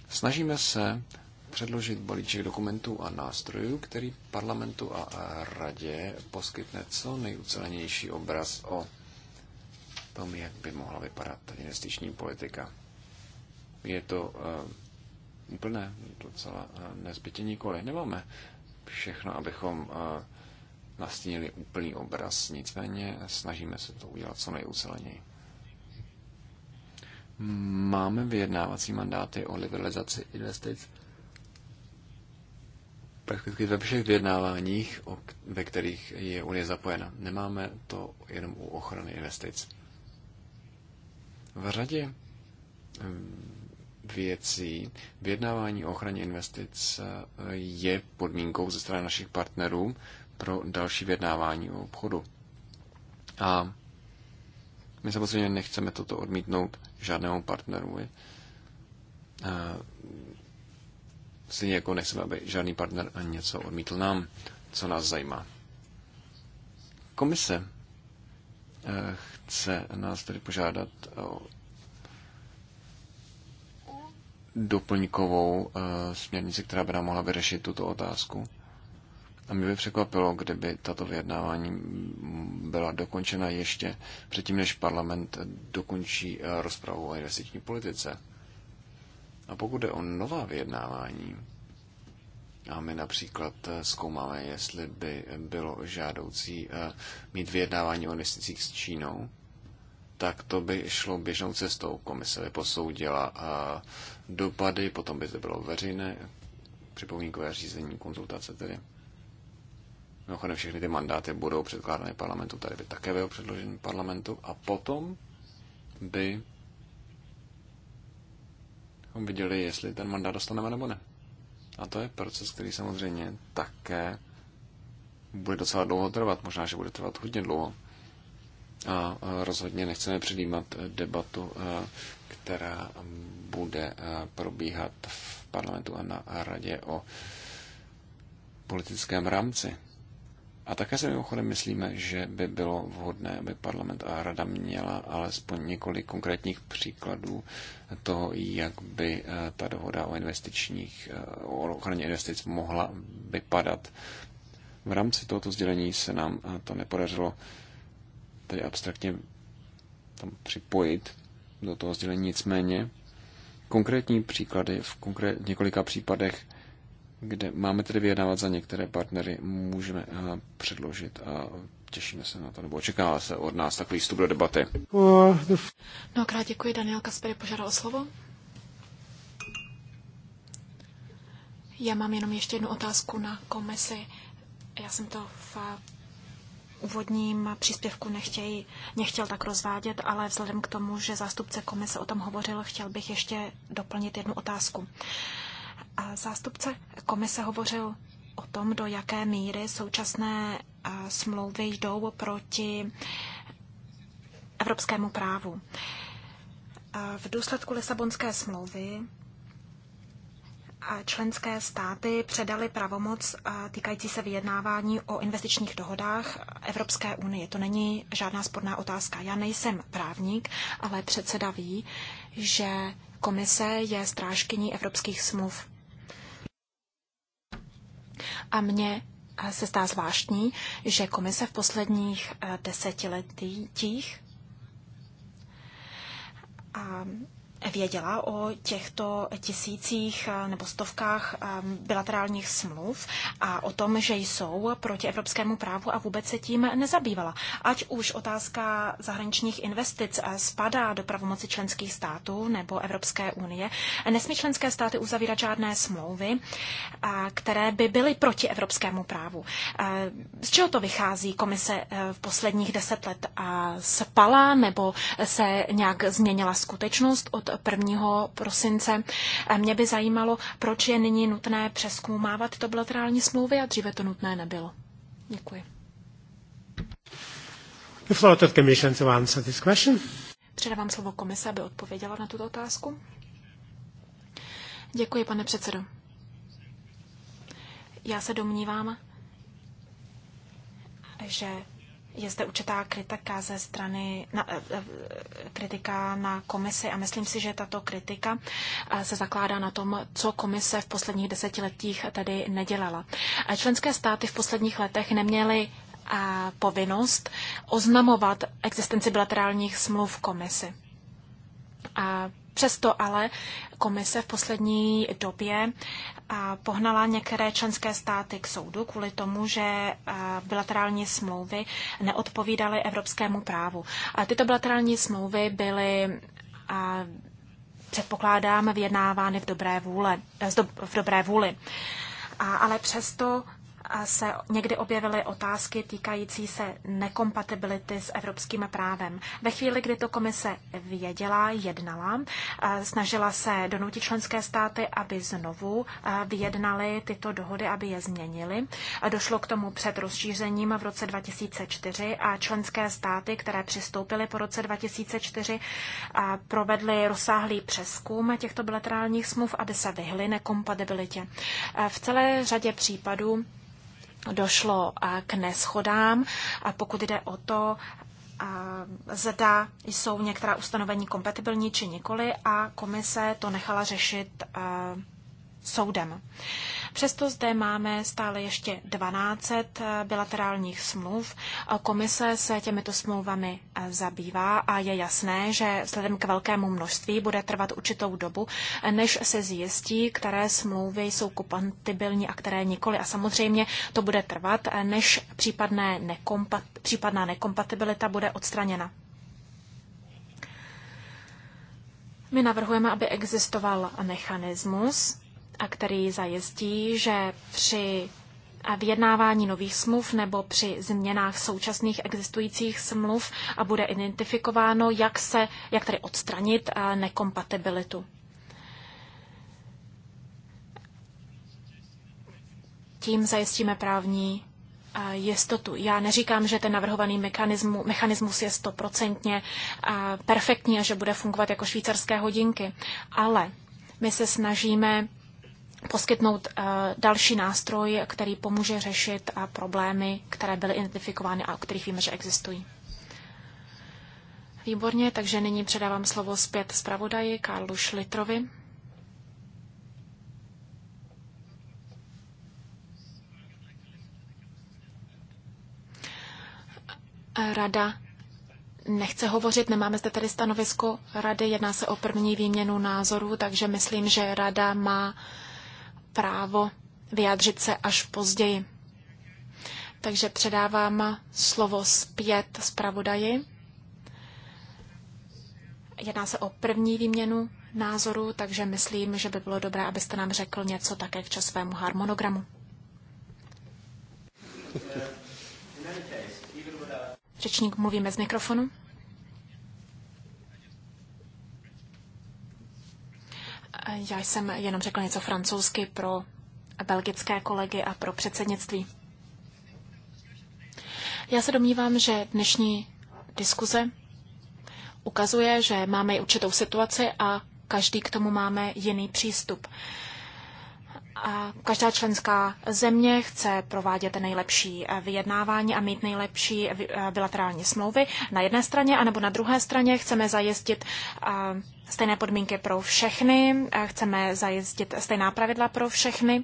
snažíme se předložit balíček dokumentů a nástrojů, který parlamentu a radě poskytne co nejucelenější obraz o tom, jak by mohla vypadat investiční politika. Je to uh, úplné, docela uh, eh, nezbytě nikoli. Nemáme všechno, abychom uh, nastínili úplný obraz, nicméně snažíme se to udělat co nejúceleněji. Máme vyjednávací mandáty o liberalizaci investic prakticky ve všech vyjednáváních, ve kterých je Unie zapojena. Nemáme to jenom u ochrany investic. V řadě eh, věcí vyjednávání o ochraně investic eh, je podmínkou ze strany našich partnerů pro další vyjednávání o obchodu. A my samozřejmě nechceme toto odmítnout žádnému partnerovi. Eh, stejně jako nechceme, aby žádný partner něco odmítl nám, co nás zajímá. Komise chce nás tedy požádat o doplňkovou eh, směrnici, která by nám mohla vyřešit tuto otázku. A mě by překvapilo, kdyby tato vyjednávání byla dokončena ještě předtím, než parlament dokončí eh, rozpravu o investiční politice. A pokud jde o nová vyjednávání, a my například eh, zkoumáme, jestli by bylo žádoucí mít vyjednávání o investicích s Čínou, tak to by šlo běžnou cestou. Komise by posoudila dopady, potom by to bylo veřejné připomínkové řízení, konzultace tedy. Mimochodem všechny ty mandáty budou předkládány parlamentu, tady by také byl předložen parlamentu a potom by viděli, jestli ten mandát dostaneme nebo ne. A to je proces, který samozřejmě také bude docela dlouho trvat, možná, že bude trvat hodně dlouho a rozhodně nechceme předjímat eh, debatu, eh, která bude eh, probíhat v parlamentu a na radě o politickém rámci. A také se mimochodem myslíme, že by bylo vhodné, aby parlament a rada měla alespoň několik konkrétních příkladů toho, jak by ta dohoda o investičních, o ochraně investic mohla vypadat. V rámci tohoto sdělení se nám to nepodařilo tady abstraktně tam připojit do toho sdělení. Nicméně konkrétní příklady v konkrét, několika případech, kde máme tedy vyjednávat za některé partnery, můžeme eh, předložit a těšíme se na to, nebo očekává se od nás takový vstup do debaty. No krát děkuji, Daniel Kaspery požádal o slovo. Já mám jenom ještě jednu otázku na komisi. Já jsem to v úvodním příspěvku nechtěj, nechtěl tak rozvádět, ale vzhledem k tomu, že zástupce komise o tom hovořil, chtěl bych ještě doplnit jednu otázku. A zástupce komise hovořil o tom, do jaké míry současné smlouvy jdou proti evropskému právu. V důsledku Lisabonské smlouvy členské státy předaly pravomoc eh, týkající se vyjednávání o investičních dohodách Evropské unie. To není žádná sporná otázka. Já nejsem právník, ale předseda ví, že komise je strážkyní evropských smluv. A mně eh, se zdá zvláštní, že komise v posledních eh, desetiletích a věděla o těchto tisících eh, nebo stovkách eh, bilaterálních smluv a o tom, že jsou proti evropskému právu a vůbec se tím nezabývala. Ať už otázka zahraničních investic eh, spadá do pravomoci členských států nebo Evropské unie, nesmí členské státy uzavírat žádné smlouvy, které by byly proti evropskému právu. Z čeho to vychází? Komise v posledních deset let spala nebo se nějak změnila skutečnost od 1. prosince. Mě by zajímalo, proč je nyní nutné přeskoumávat to bilaterální smlouvy a dříve to nutné nebylo. Děkuji. Předávám slovo komise, aby odpověděla na tuto otázku. Děkuji, pane předsedo. Já se domnívám, že je zde určitá kritika ze strany, na, eh, eh, kritika na komisi a myslím si, že tato kritika eh, se zakládá na tom, co komise v posledních desetiletích tady nedělala. Členské státy v posledních letech neměly povinnost oznamovat existenci bilaterálních smluv komisi. A přesto ale komise v poslední době pohnala některé členské státy k soudu kvůli tomu, že eh, bilaterální smlouvy neodpovídaly evropskému právu. A tyto bilaterální smlouvy byly eh, předpokládám, vyjednávány v dobré, vůli, eh, v dobré vůli. A, ale přesto se někdy objevily otázky týkající se nekompatibility s evropským právem. Ve chvíli, kdy to komise věděla, jednala, eh, snažila se donutit členské státy, aby znovu eh, vyjednali tyto dohody, aby je změnili. Došlo k tomu před rozšířením v roce 2004 a členské státy, které přistoupily po roce 2004, eh, provedly rozsáhlý přeskum těchto bilaterálních smluv, aby se vyhly nekompatibilitě. V celé řadě případů došlo k neschodám, a pokud jde o to, zda jsou některá ustanovení kompatibilní či nikoli a komise to nechala řešit soudem. Přesto zde máme stále ještě 12 bilaterálních smluv. Komise se těmito smlouvami eh, zabývá a je jasné, že vzhledem k velkému množství bude trvat určitou dobu, než se zjistí, které smlouvy jsou kompatibilní a které nikoli. A samozřejmě to bude trvat, eh, než případné nekompat, případná nekompatibilita bude odstraněna. My navrhujeme, aby existoval mechanismus, a který zajistí, že při vyjednávání nových smluv nebo při změnách současných existujících smluv a bude identifikováno, jak, se, jak tedy odstranit eh, nekompatibilitu. Tím zajistíme právní eh, jistotu. Já neříkám, že ten navrhovaný mechanismu, mechanismus je stoprocentně eh, perfektní a že bude fungovat jako švýcarské hodinky, ale my se snažíme poskytnout eh, další nástroj, který pomůže řešit eh, problémy, které byly identifikovány a o kterých víme, že existují. Výborně, takže nyní předávám slovo zpět zpravodaji Karlu Šlitrovi. Rada nechce hovořit, nemáme zde tady stanovisko rady, jedná se o první výměnu názorů, takže myslím, že rada má právo vyjádřit se až později. Takže předávám slovo zpět zpravodaji. Jedná se o první výměnu názoru, takže myslím, že by bylo dobré, abyste nám řekl něco také k časovému harmonogramu. Řečník mluví z mikrofonu. Já jsem jenom řekla něco francouzsky pro belgické kolegy a pro předsednictví. Já se domnívám, že dnešní diskuze ukazuje, že máme určitou situaci a každý k tomu máme jiný přístup. Každá členská země chce provádět nejlepší eh, vyjednávání a mít nejlepší eh, eh, bilaterální smlouvy na jedné straně, anebo na druhé straně chceme zajistit stejné podmínky pro všechny, chceme zajistit stejná pravidla pro všechny.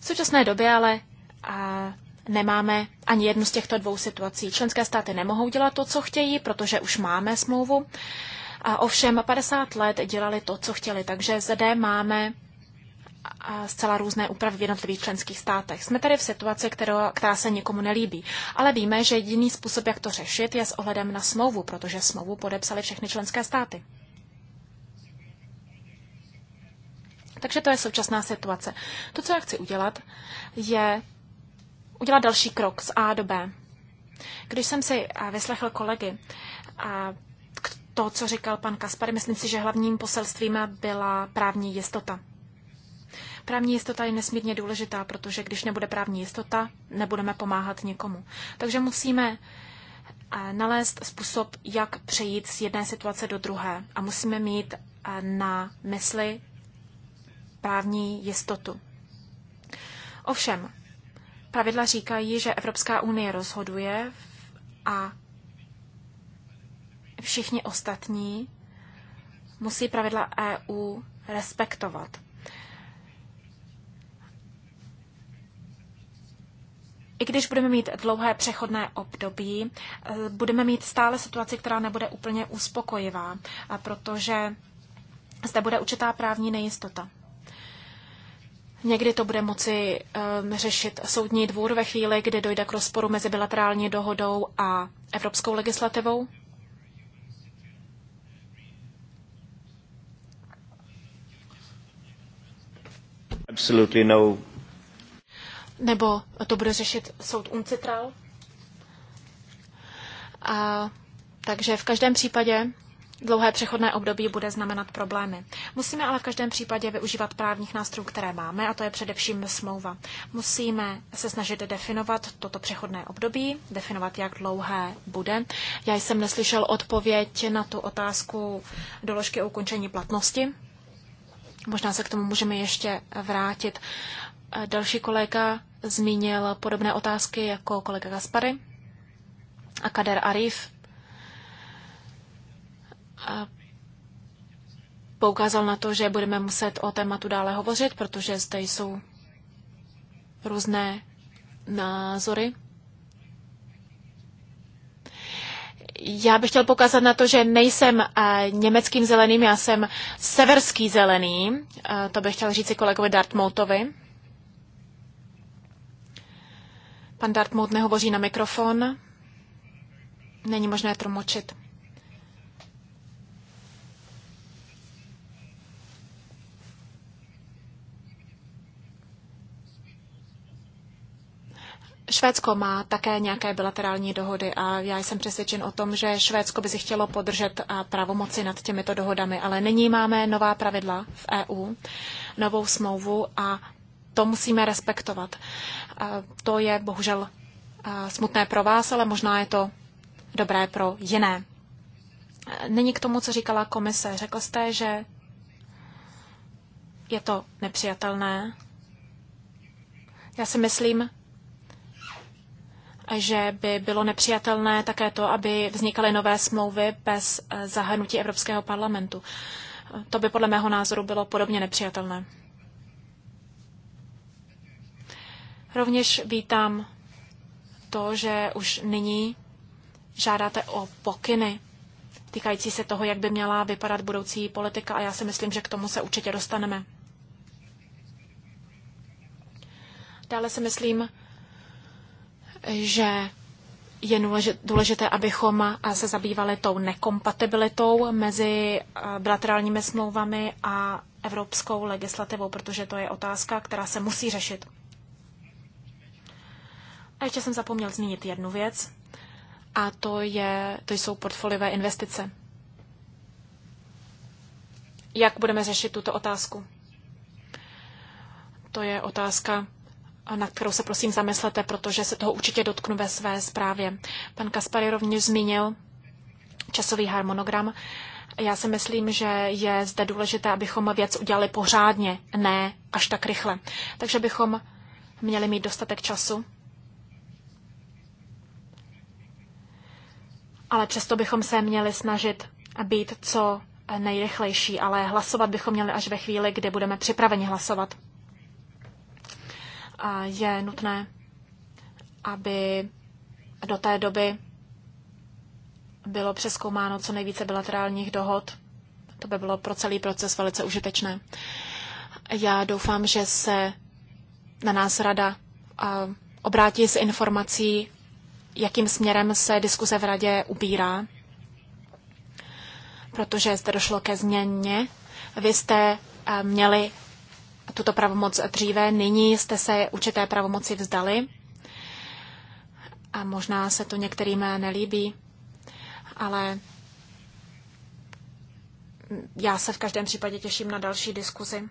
V současné době ale nemáme ani jednu z těchto dvou situací. Členské státy nemohou dělat to, co chtějí, protože už máme smlouvu. A ovšem 50 let dělali to, co chtěli, takže zde máme zcela různé úpravy v jednotlivých členských státech. Jsme tady v situaci, která, která se nikomu nelíbí, ale víme, že jediný způsob, jak to řešit, je s ohledem na smlouvu, protože smlouvu podepsali všechny členské státy. Takže to je současná situace. To, co já chci udělat, je udělat další krok z A do B. Když jsem si vyslechl kolegy, a to, co říkal pan Kaspar. Myslím si, že hlavním poselstvím byla právní jistota. Právní jistota je nesmírně důležitá, protože když nebude právní jistota, nebudeme pomáhat nikomu. Takže musíme eh, nalézt způsob, jak přejít z jedné situace do druhé. A musíme mít eh, na mysli právní jistotu. Ovšem, pravidla říkají, že Evropská unie rozhoduje a všichni ostatní musí pravidla EU respektovat. I když budeme mít dlouhé přechodné období, budeme mít stále situaci, která nebude úplně uspokojivá, protože zde bude určitá právní nejistota. Někdy to bude moci um, řešit soudní dvůr ve chvíli, kdy dojde k rozporu mezi bilaterální dohodou a evropskou legislativou. absolutely no... Nebo to bude řešit soud UNCITRAL. A, takže v každém případě dlouhé přechodné období bude znamenat problémy. Musíme ale v každém případě využívat právních nástrojů, které máme, a to je především smlouva. Musíme se snažit definovat toto přechodné období, definovat, jak dlouhé bude. Já jsem neslyšel odpověď na tu otázku doložky o ukončení platnosti. Možná se k tomu můžeme ještě vrátit. Další kolega zmínil podobné otázky jako kolega Gaspary a Kader Arif. A poukázal na to, že budeme muset o tématu dále hovořit, protože zde jsou různé názory. Já bych chtěl pokázat na to, že nejsem eh, německým zeleným, já jsem severský zelený. Eh, to bych chtěl říci kolegovi Dartmouthovi. Pan Dartmouth nehovoří na mikrofon. Není možné tromočit. Švédsko má také nějaké bilaterální dohody a já jsem přesvědčen o tom, že Švédsko by si chtělo podržet pravomoci nad těmito dohodami, ale nyní máme nová pravidla v EU, novou smlouvu a to musíme respektovat. To je bohužel smutné pro vás, ale možná je to dobré pro jiné. Není k tomu, co říkala komise. Řekl jste, že je to nepřijatelné. Já si myslím, že by bylo nepřijatelné také to, aby vznikaly nové smlouvy bez eh, zahrnutí Evropského parlamentu. To by podle mého názoru bylo podobně nepřijatelné. Rovněž vítám to, že už nyní žádáte o pokyny týkající se toho, jak by měla vypadat budoucí politika a já si myslím, že k tomu se určitě dostaneme. Dále si myslím, že je důležité, abychom se zabývali tou nekompatibilitou mezi eh, bilaterálními smlouvami a evropskou legislativou, protože to je otázka, která se musí řešit. A ještě jsem zapomněl zmínit jednu věc, a to, je, to jsou portfoliové investice. Jak budeme řešit tuto otázku? To je otázka, na kterou se prosím zamyslete, protože se toho určitě dotknu ve své zprávě. Pan Kaspary rovněž zmínil časový harmonogram. Já si myslím, že je zde důležité, abychom věc udělali pořádně, ne až tak rychle. Takže bychom měli mít dostatek času. Ale přesto bychom se měli snažit být co nejrychlejší, ale hlasovat bychom měli až ve chvíli, kdy budeme připraveni hlasovat je nutné, aby do té doby bylo přeskoumáno co nejvíce bilaterálních dohod. To by bylo pro celý proces velice užitečné. Já doufám, že se na nás rada obrátí s informací, jakým směrem se diskuze v radě ubírá, protože zde došlo ke změně. Vy jste měli tuto pravomoc dříve, nyní jste se určité pravomoci vzdali a možná se to některým nelíbí, ale já se v každém případě těším na další diskuzi.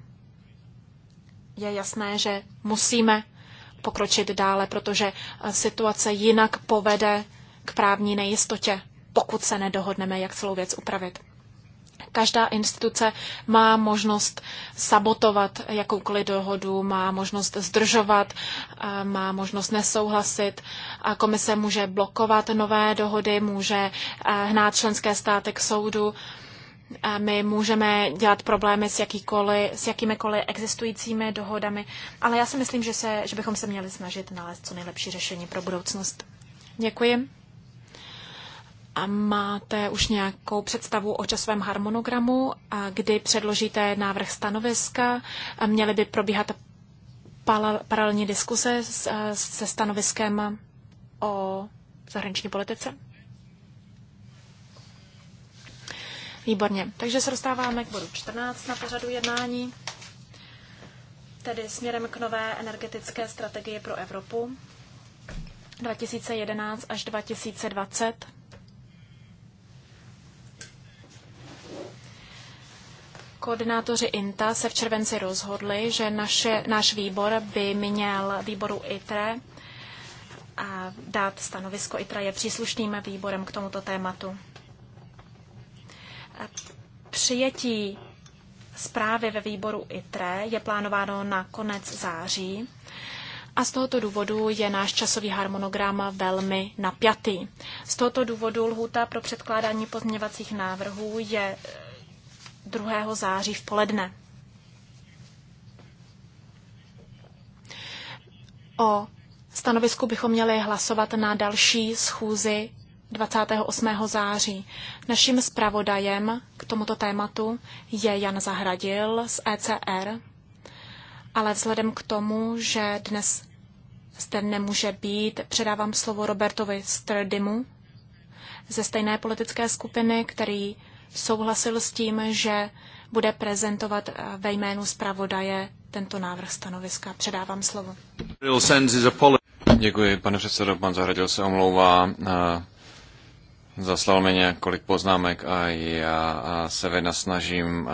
Je jasné, že musíme pokročit dále, protože situace jinak povede k právní nejistotě, pokud se nedohodneme, jak celou věc upravit. Každá instituce má možnost sabotovat jakoukoliv dohodu, má možnost zdržovat, eh, má možnost nesouhlasit. Komise může blokovat nové dohody, může eh, hnát členské státy k soudu. My můžeme dělat problémy s, s jakýmikoliv existujícími dohodami, ale já si myslím, že, se, že bychom se měli snažit nalézt co nejlepší řešení pro budoucnost. Děkuji. A máte už nějakou představu o časovém harmonogramu, kdy předložíte návrh stanoviska? Měly by probíhat paralelní diskuse se stanoviskem o zahraniční politice? Výborně. Takže se dostáváme k bodu 14 na pořadu jednání, tedy směrem k nové energetické strategii pro Evropu 2011 až 2020 Koordinátoři INTA se v červenci rozhodli, že naše, náš výbor by měl výboru ITRE a dát stanovisko. Itre je příslušným výborem k tomuto tématu. Přijetí zprávy ve výboru ITRE je plánováno na konec září a z tohoto důvodu je náš časový harmonogram velmi napjatý. Z tohoto důvodu lhůta pro předkládání pozměňovacích návrhů je 2. září v poledne. O stanovisku bychom měli hlasovat na další schůzi 28. září. Naším zpravodajem k tomuto tématu je Jan Zahradil z ECR, ale vzhledem k tomu, že dnes zde nemůže být, předávám slovo Robertovi Strdimu ze stejné politické skupiny, který souhlasil s tím, že bude prezentovat eh, ve jménu zpravodaje tento návrh stanoviska. Předávám slovo. Děkuji, pane předsedo. Pan Zahradil se omlouvá. Eh, zaslal mi několik poznámek a já eh, se vynasnažím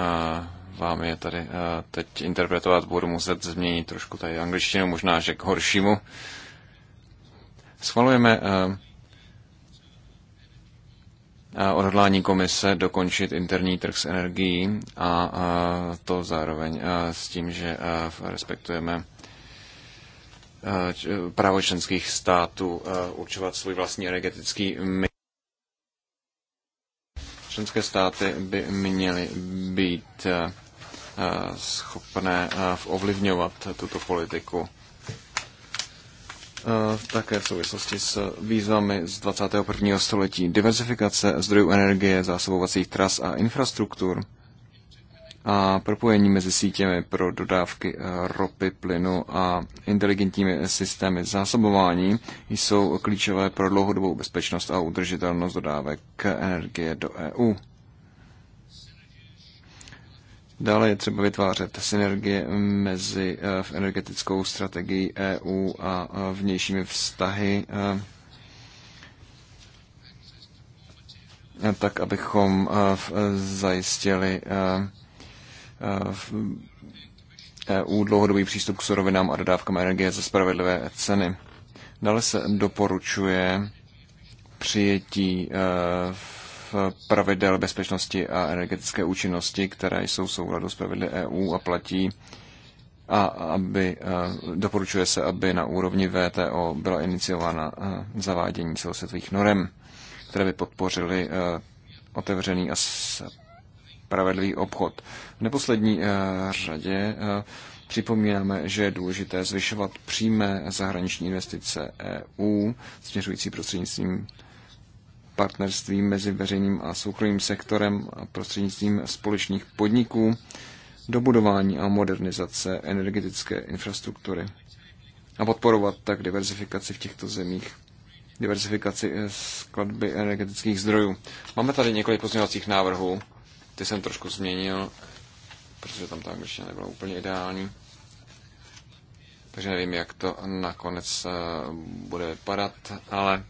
vám je tady teď interpretovat. Budu muset změnit trošku tady angličtinu, možná že k horšímu. Schvalujeme odhodlání komise dokončit interní trh s energií a to zároveň s tím, že respektujeme právo členských států určovat svůj vlastní energetický mix. Členské státy by měly být schopné ovlivňovat tuto politiku Eh, také v souvislosti s výzvami z 21. století, diverzifikace zdrojů energie, zásobovacích tras a infrastruktur a propojení mezi sítěmi pro dodávky eh, ropy, plynu a inteligentními systémy zásobování jsou klíčové pro dlouhodobou bezpečnost a udržitelnost dodávek energie do EU. Dále je třeba vytvářet synergie mezi eh, energetickou strategií EU a eh, vnějšími vztahy, eh, tak abychom zajistili EU e dlouhodobý přístup k surovinám a dodávkám energie za spravedlivé ceny. Dále se doporučuje přijetí v pravidel bezpečnosti a energetické účinnosti, které jsou v souladu s pravidly EU a platí a aby, doporučuje se, aby na úrovni VTO byla iniciována zavádění celosvětových norem, které by podpořily otevřený a spravedlivý obchod. V neposlední řadě Připomínáme, že je důležité zvyšovat přímé zahraniční investice EU směřující prostřednictvím partnerství mezi veřejným a soukromým sektorem a prostřednictvím společných podniků, dobudování a modernizace energetické infrastruktury a podporovat tak diverzifikaci v těchto zemích diverzifikaci eh, skladby energetických zdrojů. Máme tady několik pozměňovacích návrhů, ty jsem trošku změnil, protože tam ta angličtina nebyla úplně ideální. Takže nevím, jak to nakonec eh, bude vypadat, ale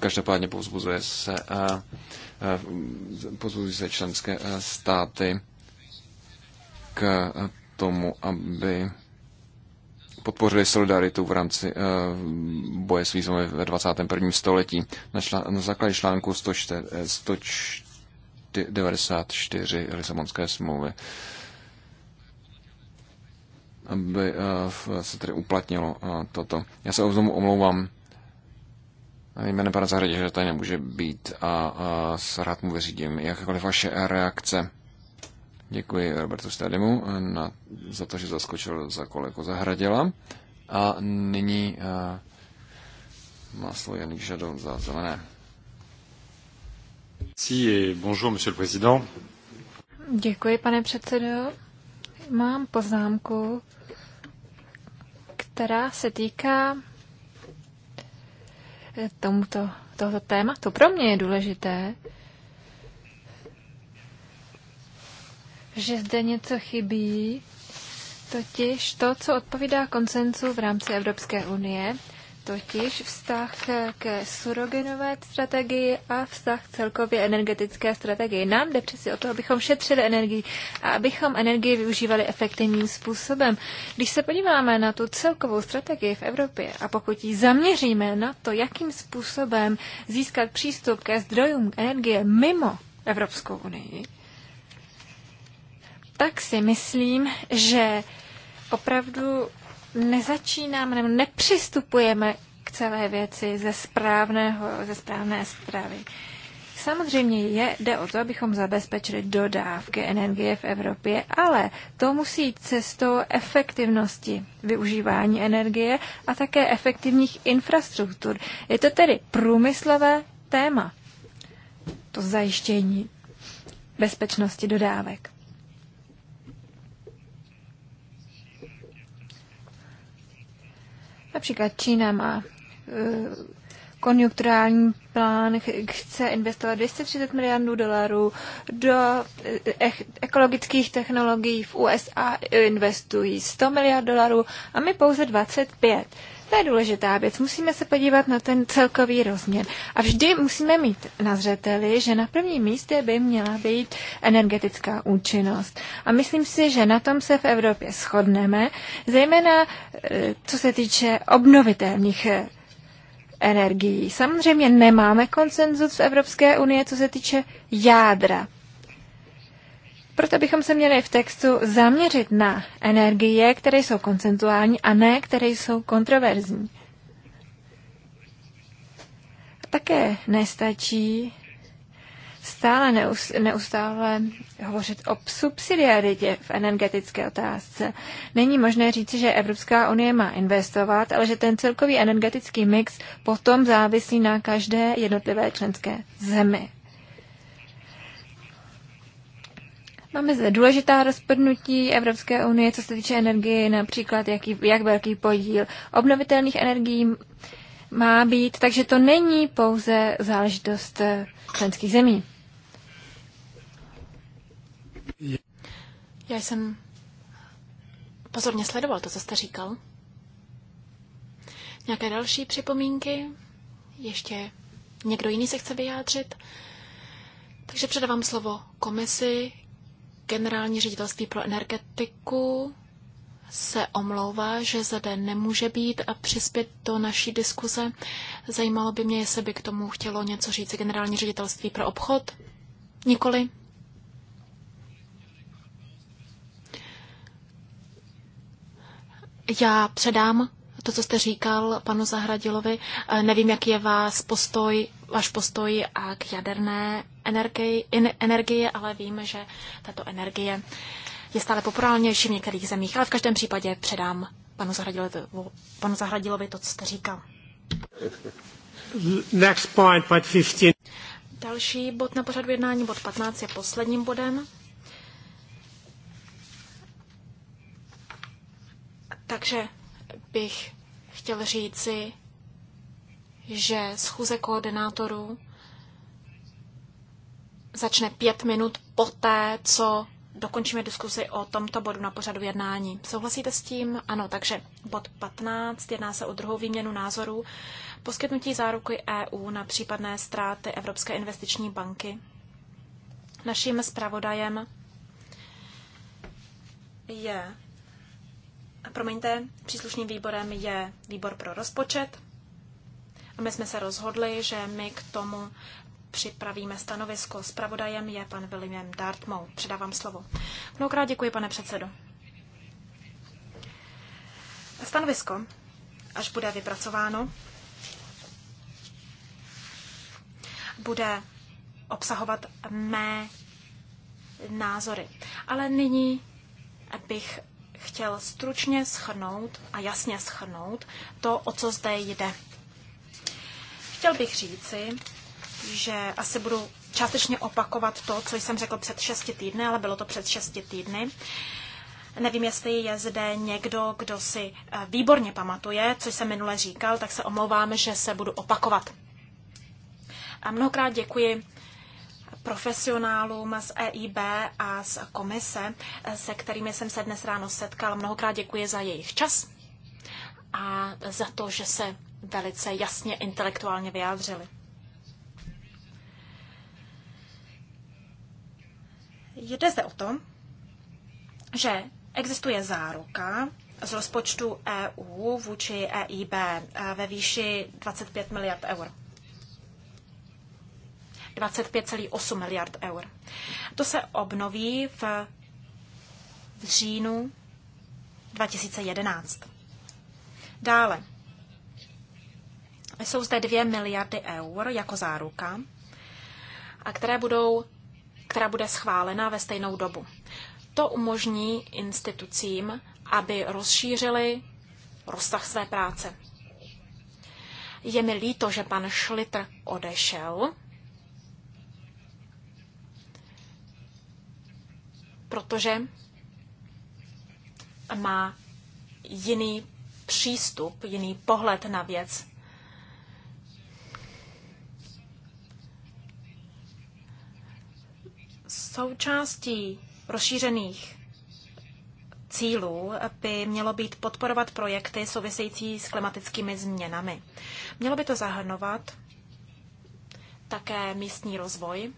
Každopádně povzbuzuje se, eh, eh, povzbuzují se členské eh, státy k tomu, aby podpořili solidaritu v rámci boje s výzvami ve 21. století. Na, člán, na základě článku 194 Lisabonské smlouvy aby se tedy uplatnilo toto. Já se o tom omlouvám jménem pana Zahradě, že tady nemůže být a, a s rád mu vyřídím jakékoliv vaše reakce. Děkuji Robertu Stadimu na, za to, že zaskočil za kolegu Zahraděla. A nyní a, má slovo Janik Žadov za zelené. Děkuji, pane předsedo. Mám poznámku, která se týká tomuto, tohoto tématu. Pro mě je důležité, že zde něco chybí, totiž to, co odpovídá koncensu v rámci Evropské unie, totiž vztah k surogenové strategii a vztah celkově energetické strategii. Nám jde přeci o to, abychom šetřili energii a abychom energii využívali efektivním způsobem. Když se podíváme na tu celkovou strategii v Evropě a pokud ji zaměříme na to, jakým způsobem získat přístup ke zdrojům energie mimo Evropskou unii, tak si myslím, že opravdu nezačínáme nebo nepřistupujeme k celé věci ze, správného, ze správné zprávy. Samozřejmě je, jde o to, abychom zabezpečili dodávky energie v Evropě, ale to musí jít cestou efektivnosti využívání energie a také efektivních infrastruktur. Je to tedy průmyslové téma, to zajištění bezpečnosti dodávek. Například Čína má e, konjunkturální plán chce investovat 230 miliardů dolarů do e, e, ekologických technologií. V USA investují 100 miliard dolarů a my pouze 25. To je důležitá věc. Musíme se podívat na ten celkový rozměr. A vždy musíme mít na zřeteli, že na prvním místě by měla být energetická účinnost. A myslím si, že na tom se v Evropě shodneme, zejména e, co se týče obnovitelných e, energií. Samozřejmě nemáme konsenzus v Evropské unii, co se týče jádra. Proto bychom se měli v textu zaměřit na energie, které jsou koncentuální a ne, které jsou kontroverzní. Také nestačí stále neustále, neustále hovořit o subsidiaritě v energetické otázce. Není možné říci, že Evropská unie má investovat, ale že ten celkový energetický mix potom závisí na každé jednotlivé členské zemi. Máme zde důležitá rozprnutí Evropské unie, co se týče energie, například jaký, jak velký podíl obnovitelných energií má být, takže to není pouze záležitost eh, členských zemí. Já jsem pozorně sledoval to, co jste říkal. Nějaké další připomínky? Ještě někdo jiný se chce vyjádřit? Takže předávám slovo komisi, Generální ředitelství pro energetiku se omlouvá, že zde nemůže být a přispět do naší diskuze. Zajímalo by mě, jestli by k tomu chtělo něco říct generální ředitelství pro obchod. Nikoli. Já předám to, co jste říkal panu Zahradilovi. Nevím, jaký je vás postoj váš postoj k jaderné energii, energie, ale vím, že tato energie je stále populárnější v některých zemích, ale v každém případě předám panu Zahradilovi, panu Zahradilovi to, co jste říkal. Next point, but 15. Další bod na pořadu jednání, bod 15, je posledním bodem. Takže bych chtěl říci, že schůze koordinátorů začne pět minut poté, co dokončíme diskuzi o tomto bodu na pořadu jednání. Souhlasíte s tím? Ano, takže bod 15 jedná se o druhou výměnu názorů. Poskytnutí záruky EU na případné ztráty Evropské investiční banky. Naším zpravodajem je, promiňte, příslušným výborem je výbor pro rozpočet. My jsme se rozhodli, že my k tomu připravíme stanovisko. Spravodajem je pan William Dartmou. Předávám slovo. Mnohokrát děkuji, pane předsedo. Stanovisko, až bude vypracováno, bude obsahovat mé názory. Ale nyní bych chtěl stručně schrnout a jasně schrnout to, o co zde jde Chtěl bych říci, že asi budu částečně opakovat to, co jsem řekl před šesti týdny, ale bylo to před šesti týdny. Nevím, jestli je zde někdo, kdo si eh, výborně pamatuje, co jsem minule říkal, tak se omlouvám, že se budu opakovat. A mnohokrát děkuji profesionálům z EIB a z komise, eh, se kterými jsem se dnes ráno setkal. Mnohokrát děkuji za jejich čas a za to, že se velice jasně intelektuálně vyjádřili. Jde zde o to, že existuje záruka z rozpočtu EU vůči EIB eh, ve výši 25 miliard eur. 25,8 miliard eur. To se obnoví v, v říjnu 2011. Dále jsou zde 2 miliardy eur jako záruka, a které budou, která bude schválena ve stejnou dobu. To umožní institucím, aby rozšířili rozsah své práce. Je mi líto, že pan Šlitr odešel, protože má jiný přístup, jiný pohled na věc Součástí rozšířených cílů by mělo být podporovat projekty související s klimatickými změnami. Mělo by to zahrnovat také místní rozvoj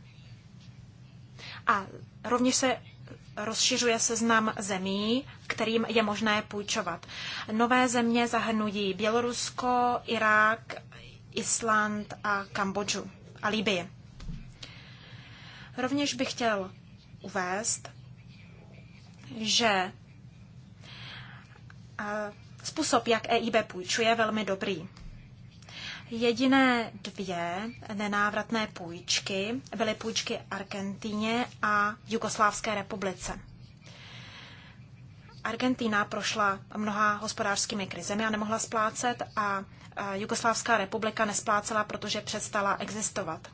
a rovněž se rozšiřuje seznam zemí, kterým je možné půjčovat. Nové země zahrnují Bělorusko, Irák, Island a Kambodžu a Libii. Rovněž bych chtěl uvést, že způsob, jak EIB půjčuje, je velmi dobrý. Jediné dvě nenávratné půjčky byly půjčky Argentíně a Jugoslávské republice. Argentína prošla mnoha hospodářskými krizemi a nemohla splácet a Jugoslávská republika nesplácela, protože přestala existovat.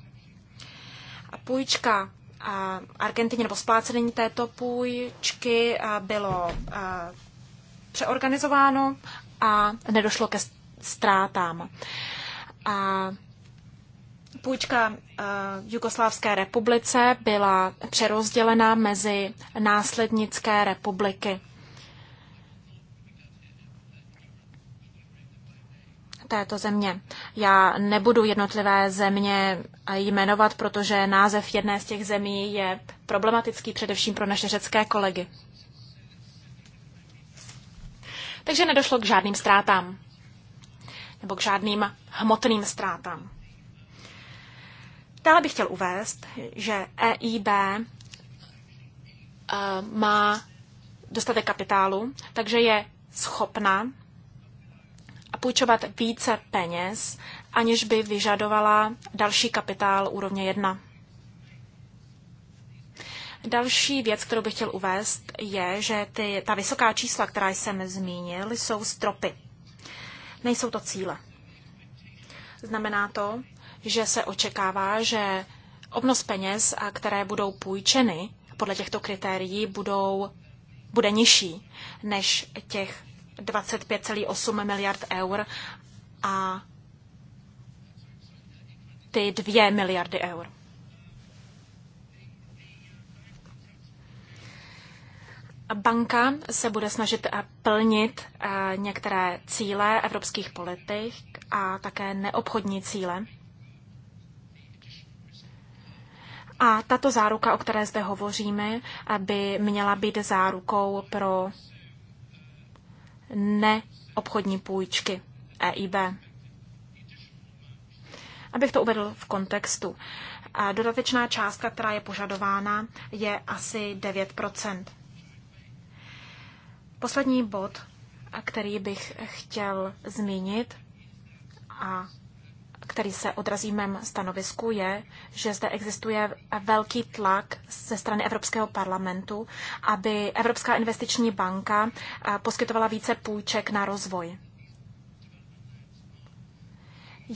Půjčka Argentině nebo splácení této půjčky bylo přeorganizováno a nedošlo ke ztrátám. A půjčka Jugoslávské republice byla přerozdělena mezi následnické republiky. této země. Já nebudu jednotlivé země jmenovat, protože název jedné z těch zemí je problematický především pro naše řecké kolegy. Takže nedošlo k žádným ztrátám nebo k žádným hmotným ztrátám. Dále bych chtěl uvést, že EIB eh, má dostatek kapitálu, takže je schopna půjčovat více peněz, aniž by vyžadovala další kapitál úrovně 1. Další věc, kterou bych chtěl uvést, je, že ty, ta vysoká čísla, která jsem zmínil, jsou stropy. Nejsou to cíle. Znamená to, že se očekává, že obnos peněz, které budou půjčeny podle těchto kritérií, budou, bude nižší než těch 25,8 miliard eur a ty 2 miliardy eur. Banka se bude snažit eh, plnit eh, některé cíle evropských politik a také neobchodní cíle. A tato záruka, o které zde hovoříme, eh, by měla být zárukou pro neobchodní půjčky EIB. Abych to uvedl v kontextu. A dodatečná částka, která je požadována, je asi 9 Poslední bod, který bych chtěl zmínit a který se odrazí v mém stanovisku, je, že zde existuje velký tlak ze strany Evropského parlamentu, aby Evropská investiční banka eh, poskytovala více půjček na rozvoj.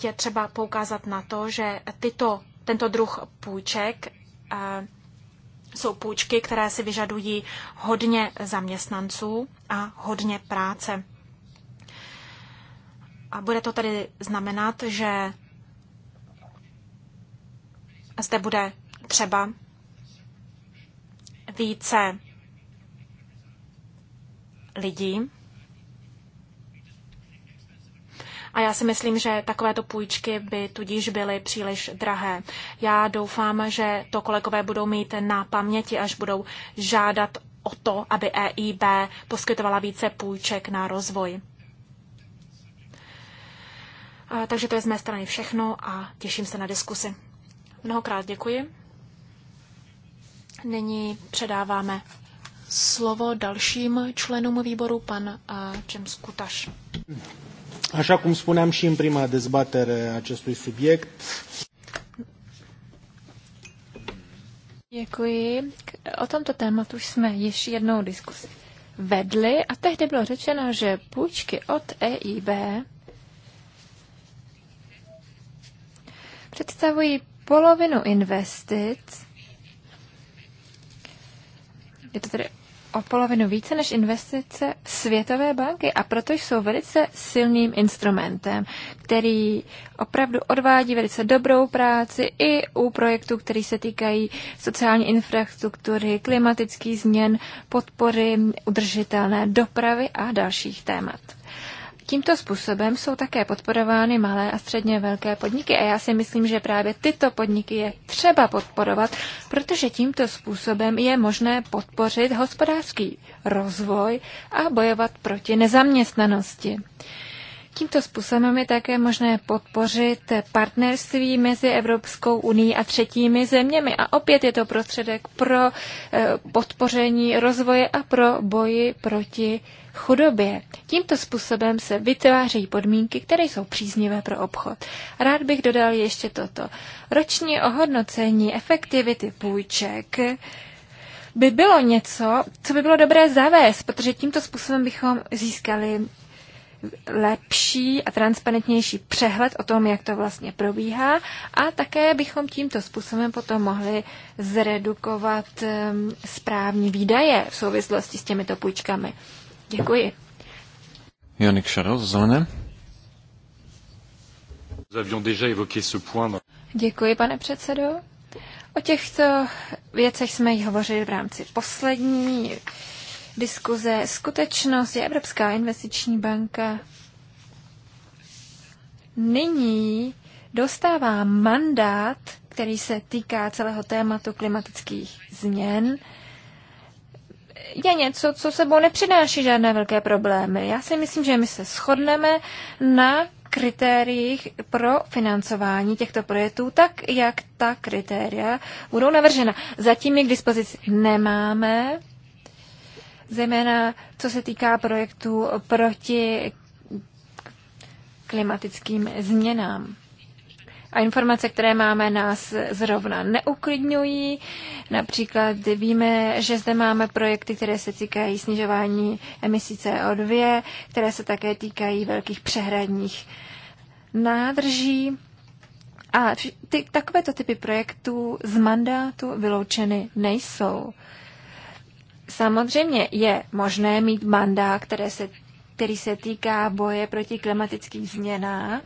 Je třeba poukázat na to, že tyto, tento druh půjček eh, jsou půjčky, které si vyžadují hodně zaměstnanců a hodně práce. A bude to tedy znamenat, že zde bude třeba více lidí. A já si myslím, že takovéto půjčky by tudíž byly příliš drahé. Já doufám, že to kolegové budou mít na paměti, až budou žádat o to, aby EIB poskytovala více půjček na rozvoj. Takže to je z mé strany všechno a těším se na diskusi. Mnohokrát děkuji. Nyní předáváme slovo dalším členům výboru, pan James Kutaš. Așa cum spuneam și în prima dezbatere acestui subiect. Děkuji. O tomto tématu jsme již jednou diskusi vedli a tehdy bylo řečeno, že půjčky od EIB představují polovinu investic. Je to tedy o polovinu více než investice Světové banky a proto jsou velice silným instrumentem, který opravdu odvádí velice dobrou práci i u projektů, které se týkají sociální infrastruktury, klimatických změn, podpory udržitelné dopravy a dalších témat. Tímto způsobem jsou také podporovány malé a středně velké podniky a já si myslím, že právě tyto podniky je třeba podporovat, protože tímto způsobem je možné podpořit hospodářský rozvoj a bojovat proti nezaměstnanosti. Tímto způsobem je také možné podpořit partnerství mezi Evropskou unii a třetími zeměmi. A opět je to prostředek pro eh, podpoření rozvoje a pro boji proti chudobě. Tímto způsobem se vytvářejí podmínky, které jsou příznivé pro obchod. Rád bych dodal ještě toto. Roční ohodnocení efektivity půjček by bylo něco, co by bylo dobré zavést, protože tímto způsobem bychom získali lepší a transparentnější přehled o tom, jak to vlastně probíhá a také bychom tímto způsobem potom mohli zredukovat správní výdaje v souvislosti s těmito půjčkami. Děkuji. Janik Šaro, zelené. Děkuji, pane předsedo. O těchto věcech jsme hovořili v rámci poslední diskuze skutečnost, je Evropská investiční banka nyní dostává mandát, který se týká celého tématu klimatických změn, je něco, co sebou nepřináší žádné velké problémy. Já si myslím, že my se shodneme na kritériích pro financování těchto projektů, tak jak ta kritéria budou navržena. Zatím je k dispozici nemáme zejména co se týká projektu proti klimatickým změnám. A informace, které máme, nás zrovna neuklidňují. Například víme, že zde máme projekty, které se týkají snižování emisí CO2, které se také týkají velkých přehradních nádrží. A ty, takovéto typy projektů z mandátu vyloučeny nejsou. Samozřejmě je možné mít banda, které se, který se týká boje proti klimatickým změnám.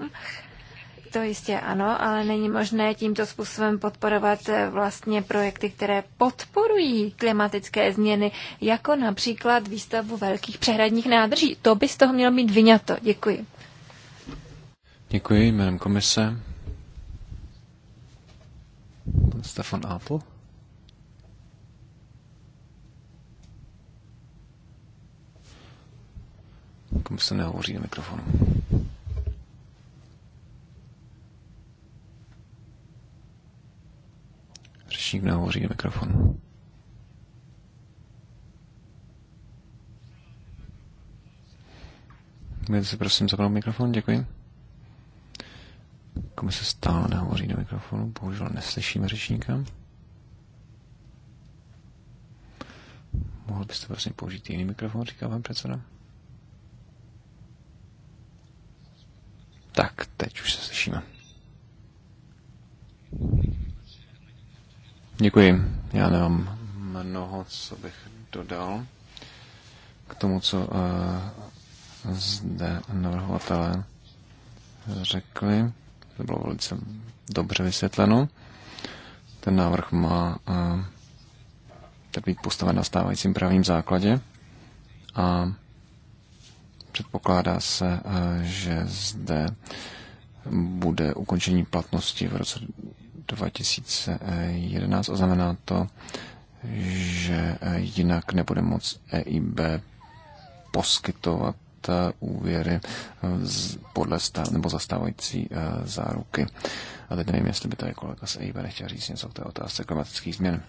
To jistě ano, ale není možné tímto způsobem podporovat eh, vlastně projekty, které podporují klimatické změny, jako například výstavbu velkých přehradních nádrží. To by z toho mělo být vyňato. Děkuji. Děkuji jménem komise. Stefan Apple. se nehovoří do mikrofonu. Řečník nehovoří do mikrofonu. Můžete si prosím zapnout mikrofon, děkuji. Komise stále nehovoří do mikrofonu, bohužel neslyšíme řečníka. Mohl byste vlastně použít jiný mikrofon, říká vám předseda. Tak, teď už se slyšíme. Děkuji. Já nemám mnoho, co bych dodal k tomu, co uh, zde navrhovatelé řekli. To bylo velice dobře vysvětleno. Ten návrh má uh, být postaven na stávajícím právním základě a Předpokládá se, eh, že zde bude ukončení platnosti v roce 2011 a znamená to, že eh, jinak nebude moc EIB poskytovat eh, úvěry podle stav, nebo zastávající záruky. A teď nevím, jestli by tady kolega z EIB nechtěl říct něco k té otázce klimatických změn.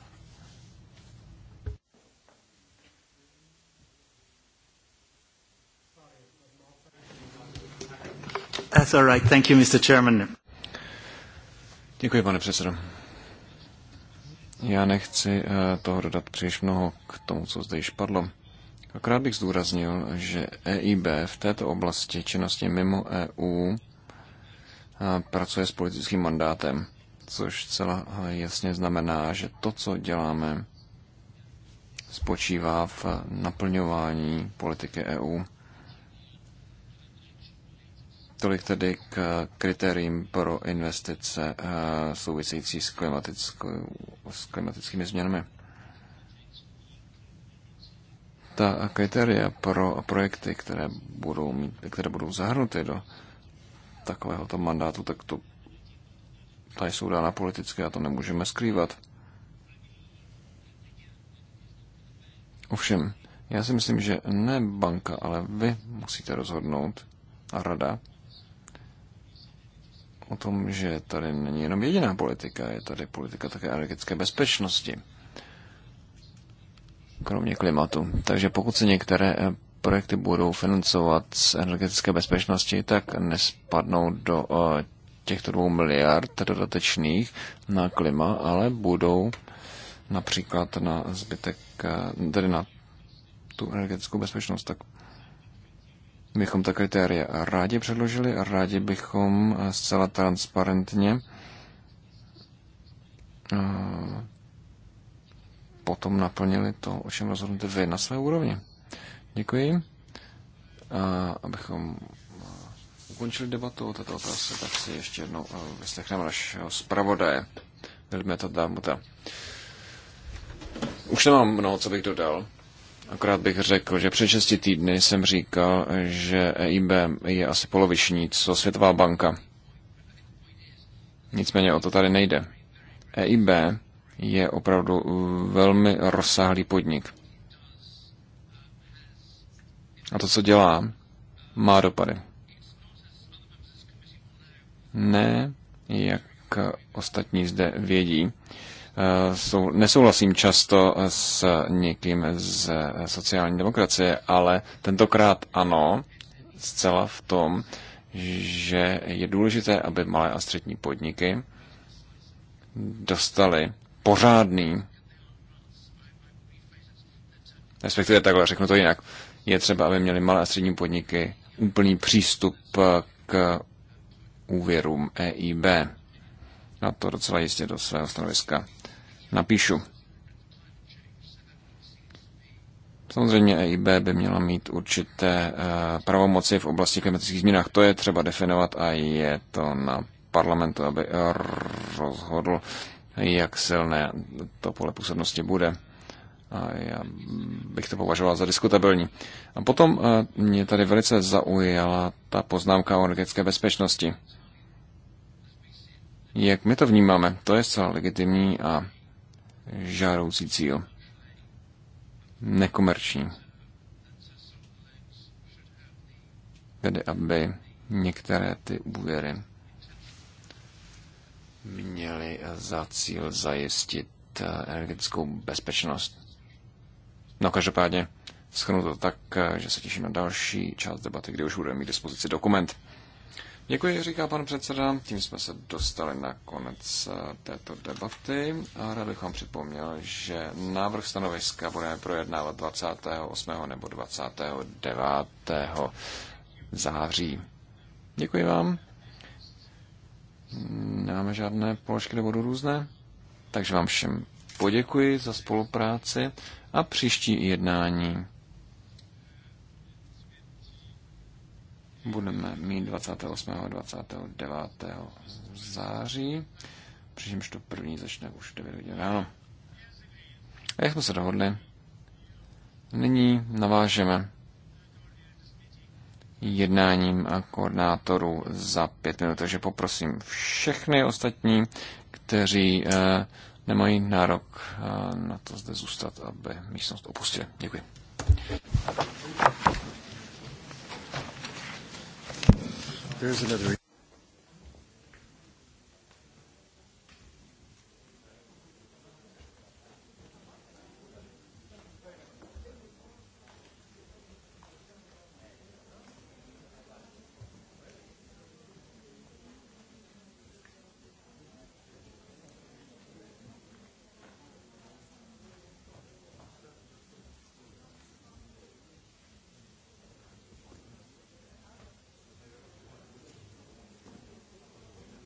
That's all right. Thank you, Mr. Chairman. Děkuji, pane předsedo. Já nechci eh, toho dodat příliš mnoho k tomu, co zde již padlo. Akorát bych zdůraznil, že EIB v této oblasti činnosti mimo EU eh, pracuje s politickým mandátem, což celá eh, jasně znamená, že to, co děláme, spočívá v naplňování politiky EU. Tolik tedy k kritériím pro investice eh, související s, s klimatickými změnami. Ta kritéria pro projekty, které budou, mít, které budou zahrnuty do takovéhoto mandátu, tak to ta jsou dána politické a to nemůžeme skrývat. Ovšem, já si myslím, že ne banka, ale vy musíte rozhodnout a rada, o tom, že tady není jenom jediná politika, je tady politika také energetické bezpečnosti, kromě klimatu. Takže pokud se některé eh, projekty budou financovat z energetické bezpečnosti, tak nespadnou do eh, těchto dvou miliard dodatečných na klima, ale budou například na zbytek, eh, tedy na tu energetickou bezpečnost. Tak bychom ta kritéria rádi předložili, a rádi bychom eh, zcela transparentně eh, potom naplnili to, o čem rozhodnete vy na své úrovni. Děkuji. A abychom eh, ukončili debatu o této otázce, tak si ještě jednou vyslechneme našeho zpravodaje Vilmeta Damuta. Už nemám mnoho, co bych dodal. Akorát bych řekl, že před 6 týdny jsem říkal, že EIB je asi poloviční, co Světová banka. Nicméně o to tady nejde. EIB je opravdu velmi rozsáhlý podnik. A to, co dělá, má dopady. Ne, jak ostatní zde vědí, Eh, sou, nesouhlasím často s někým z eh, sociální demokracie, ale tentokrát ano, zcela v tom, že je důležité, aby malé a střední podniky dostali pořádný, respektive takhle, řeknu to jinak, je třeba, aby měli malé a střední podniky úplný přístup eh, k úvěrům EIB. Na to docela jistě do svého stanoviska napíšu. Samozřejmě EIB by měla mít určité eh, pravomoci v oblasti klimatických změnách. To je třeba definovat a je to na parlamentu, aby rozhodl, jak silné to pole působnosti bude. A já bych to považoval za diskutabilní. A potom eh, mě tady velice zaujala ta poznámka o energetické bezpečnosti. Jak my to vnímáme, to je zcela legitimní a žároucí cíl. Nekomerční. Tedy, aby některé ty úvěry měly za cíl zajistit eh, energetickou bezpečnost. No každopádně schrnu to tak, eh, že se těším na další část debaty, kdy už budeme mít dispozici dokument. Děkuji, říká pan předseda. Tím jsme se dostali na konec eh, této debaty a rád bych vám připomněl, že návrh stanoviska budeme projednávat 28. nebo 29. září. Děkuji vám. Nemáme žádné položky nebo různé, takže vám všem poděkuji za spolupráci a příští jednání budeme mít 28. a 29. září, přičemž to první začne už v 9 hodin ráno. A jak jsme se dohodli, nyní navážeme jednáním a koordinátorů za pět minut. Takže poprosím všechny ostatní, kteří eh, nemají nárok eh, na to zde zůstat, aby místnost opustili. Děkuji. There's another.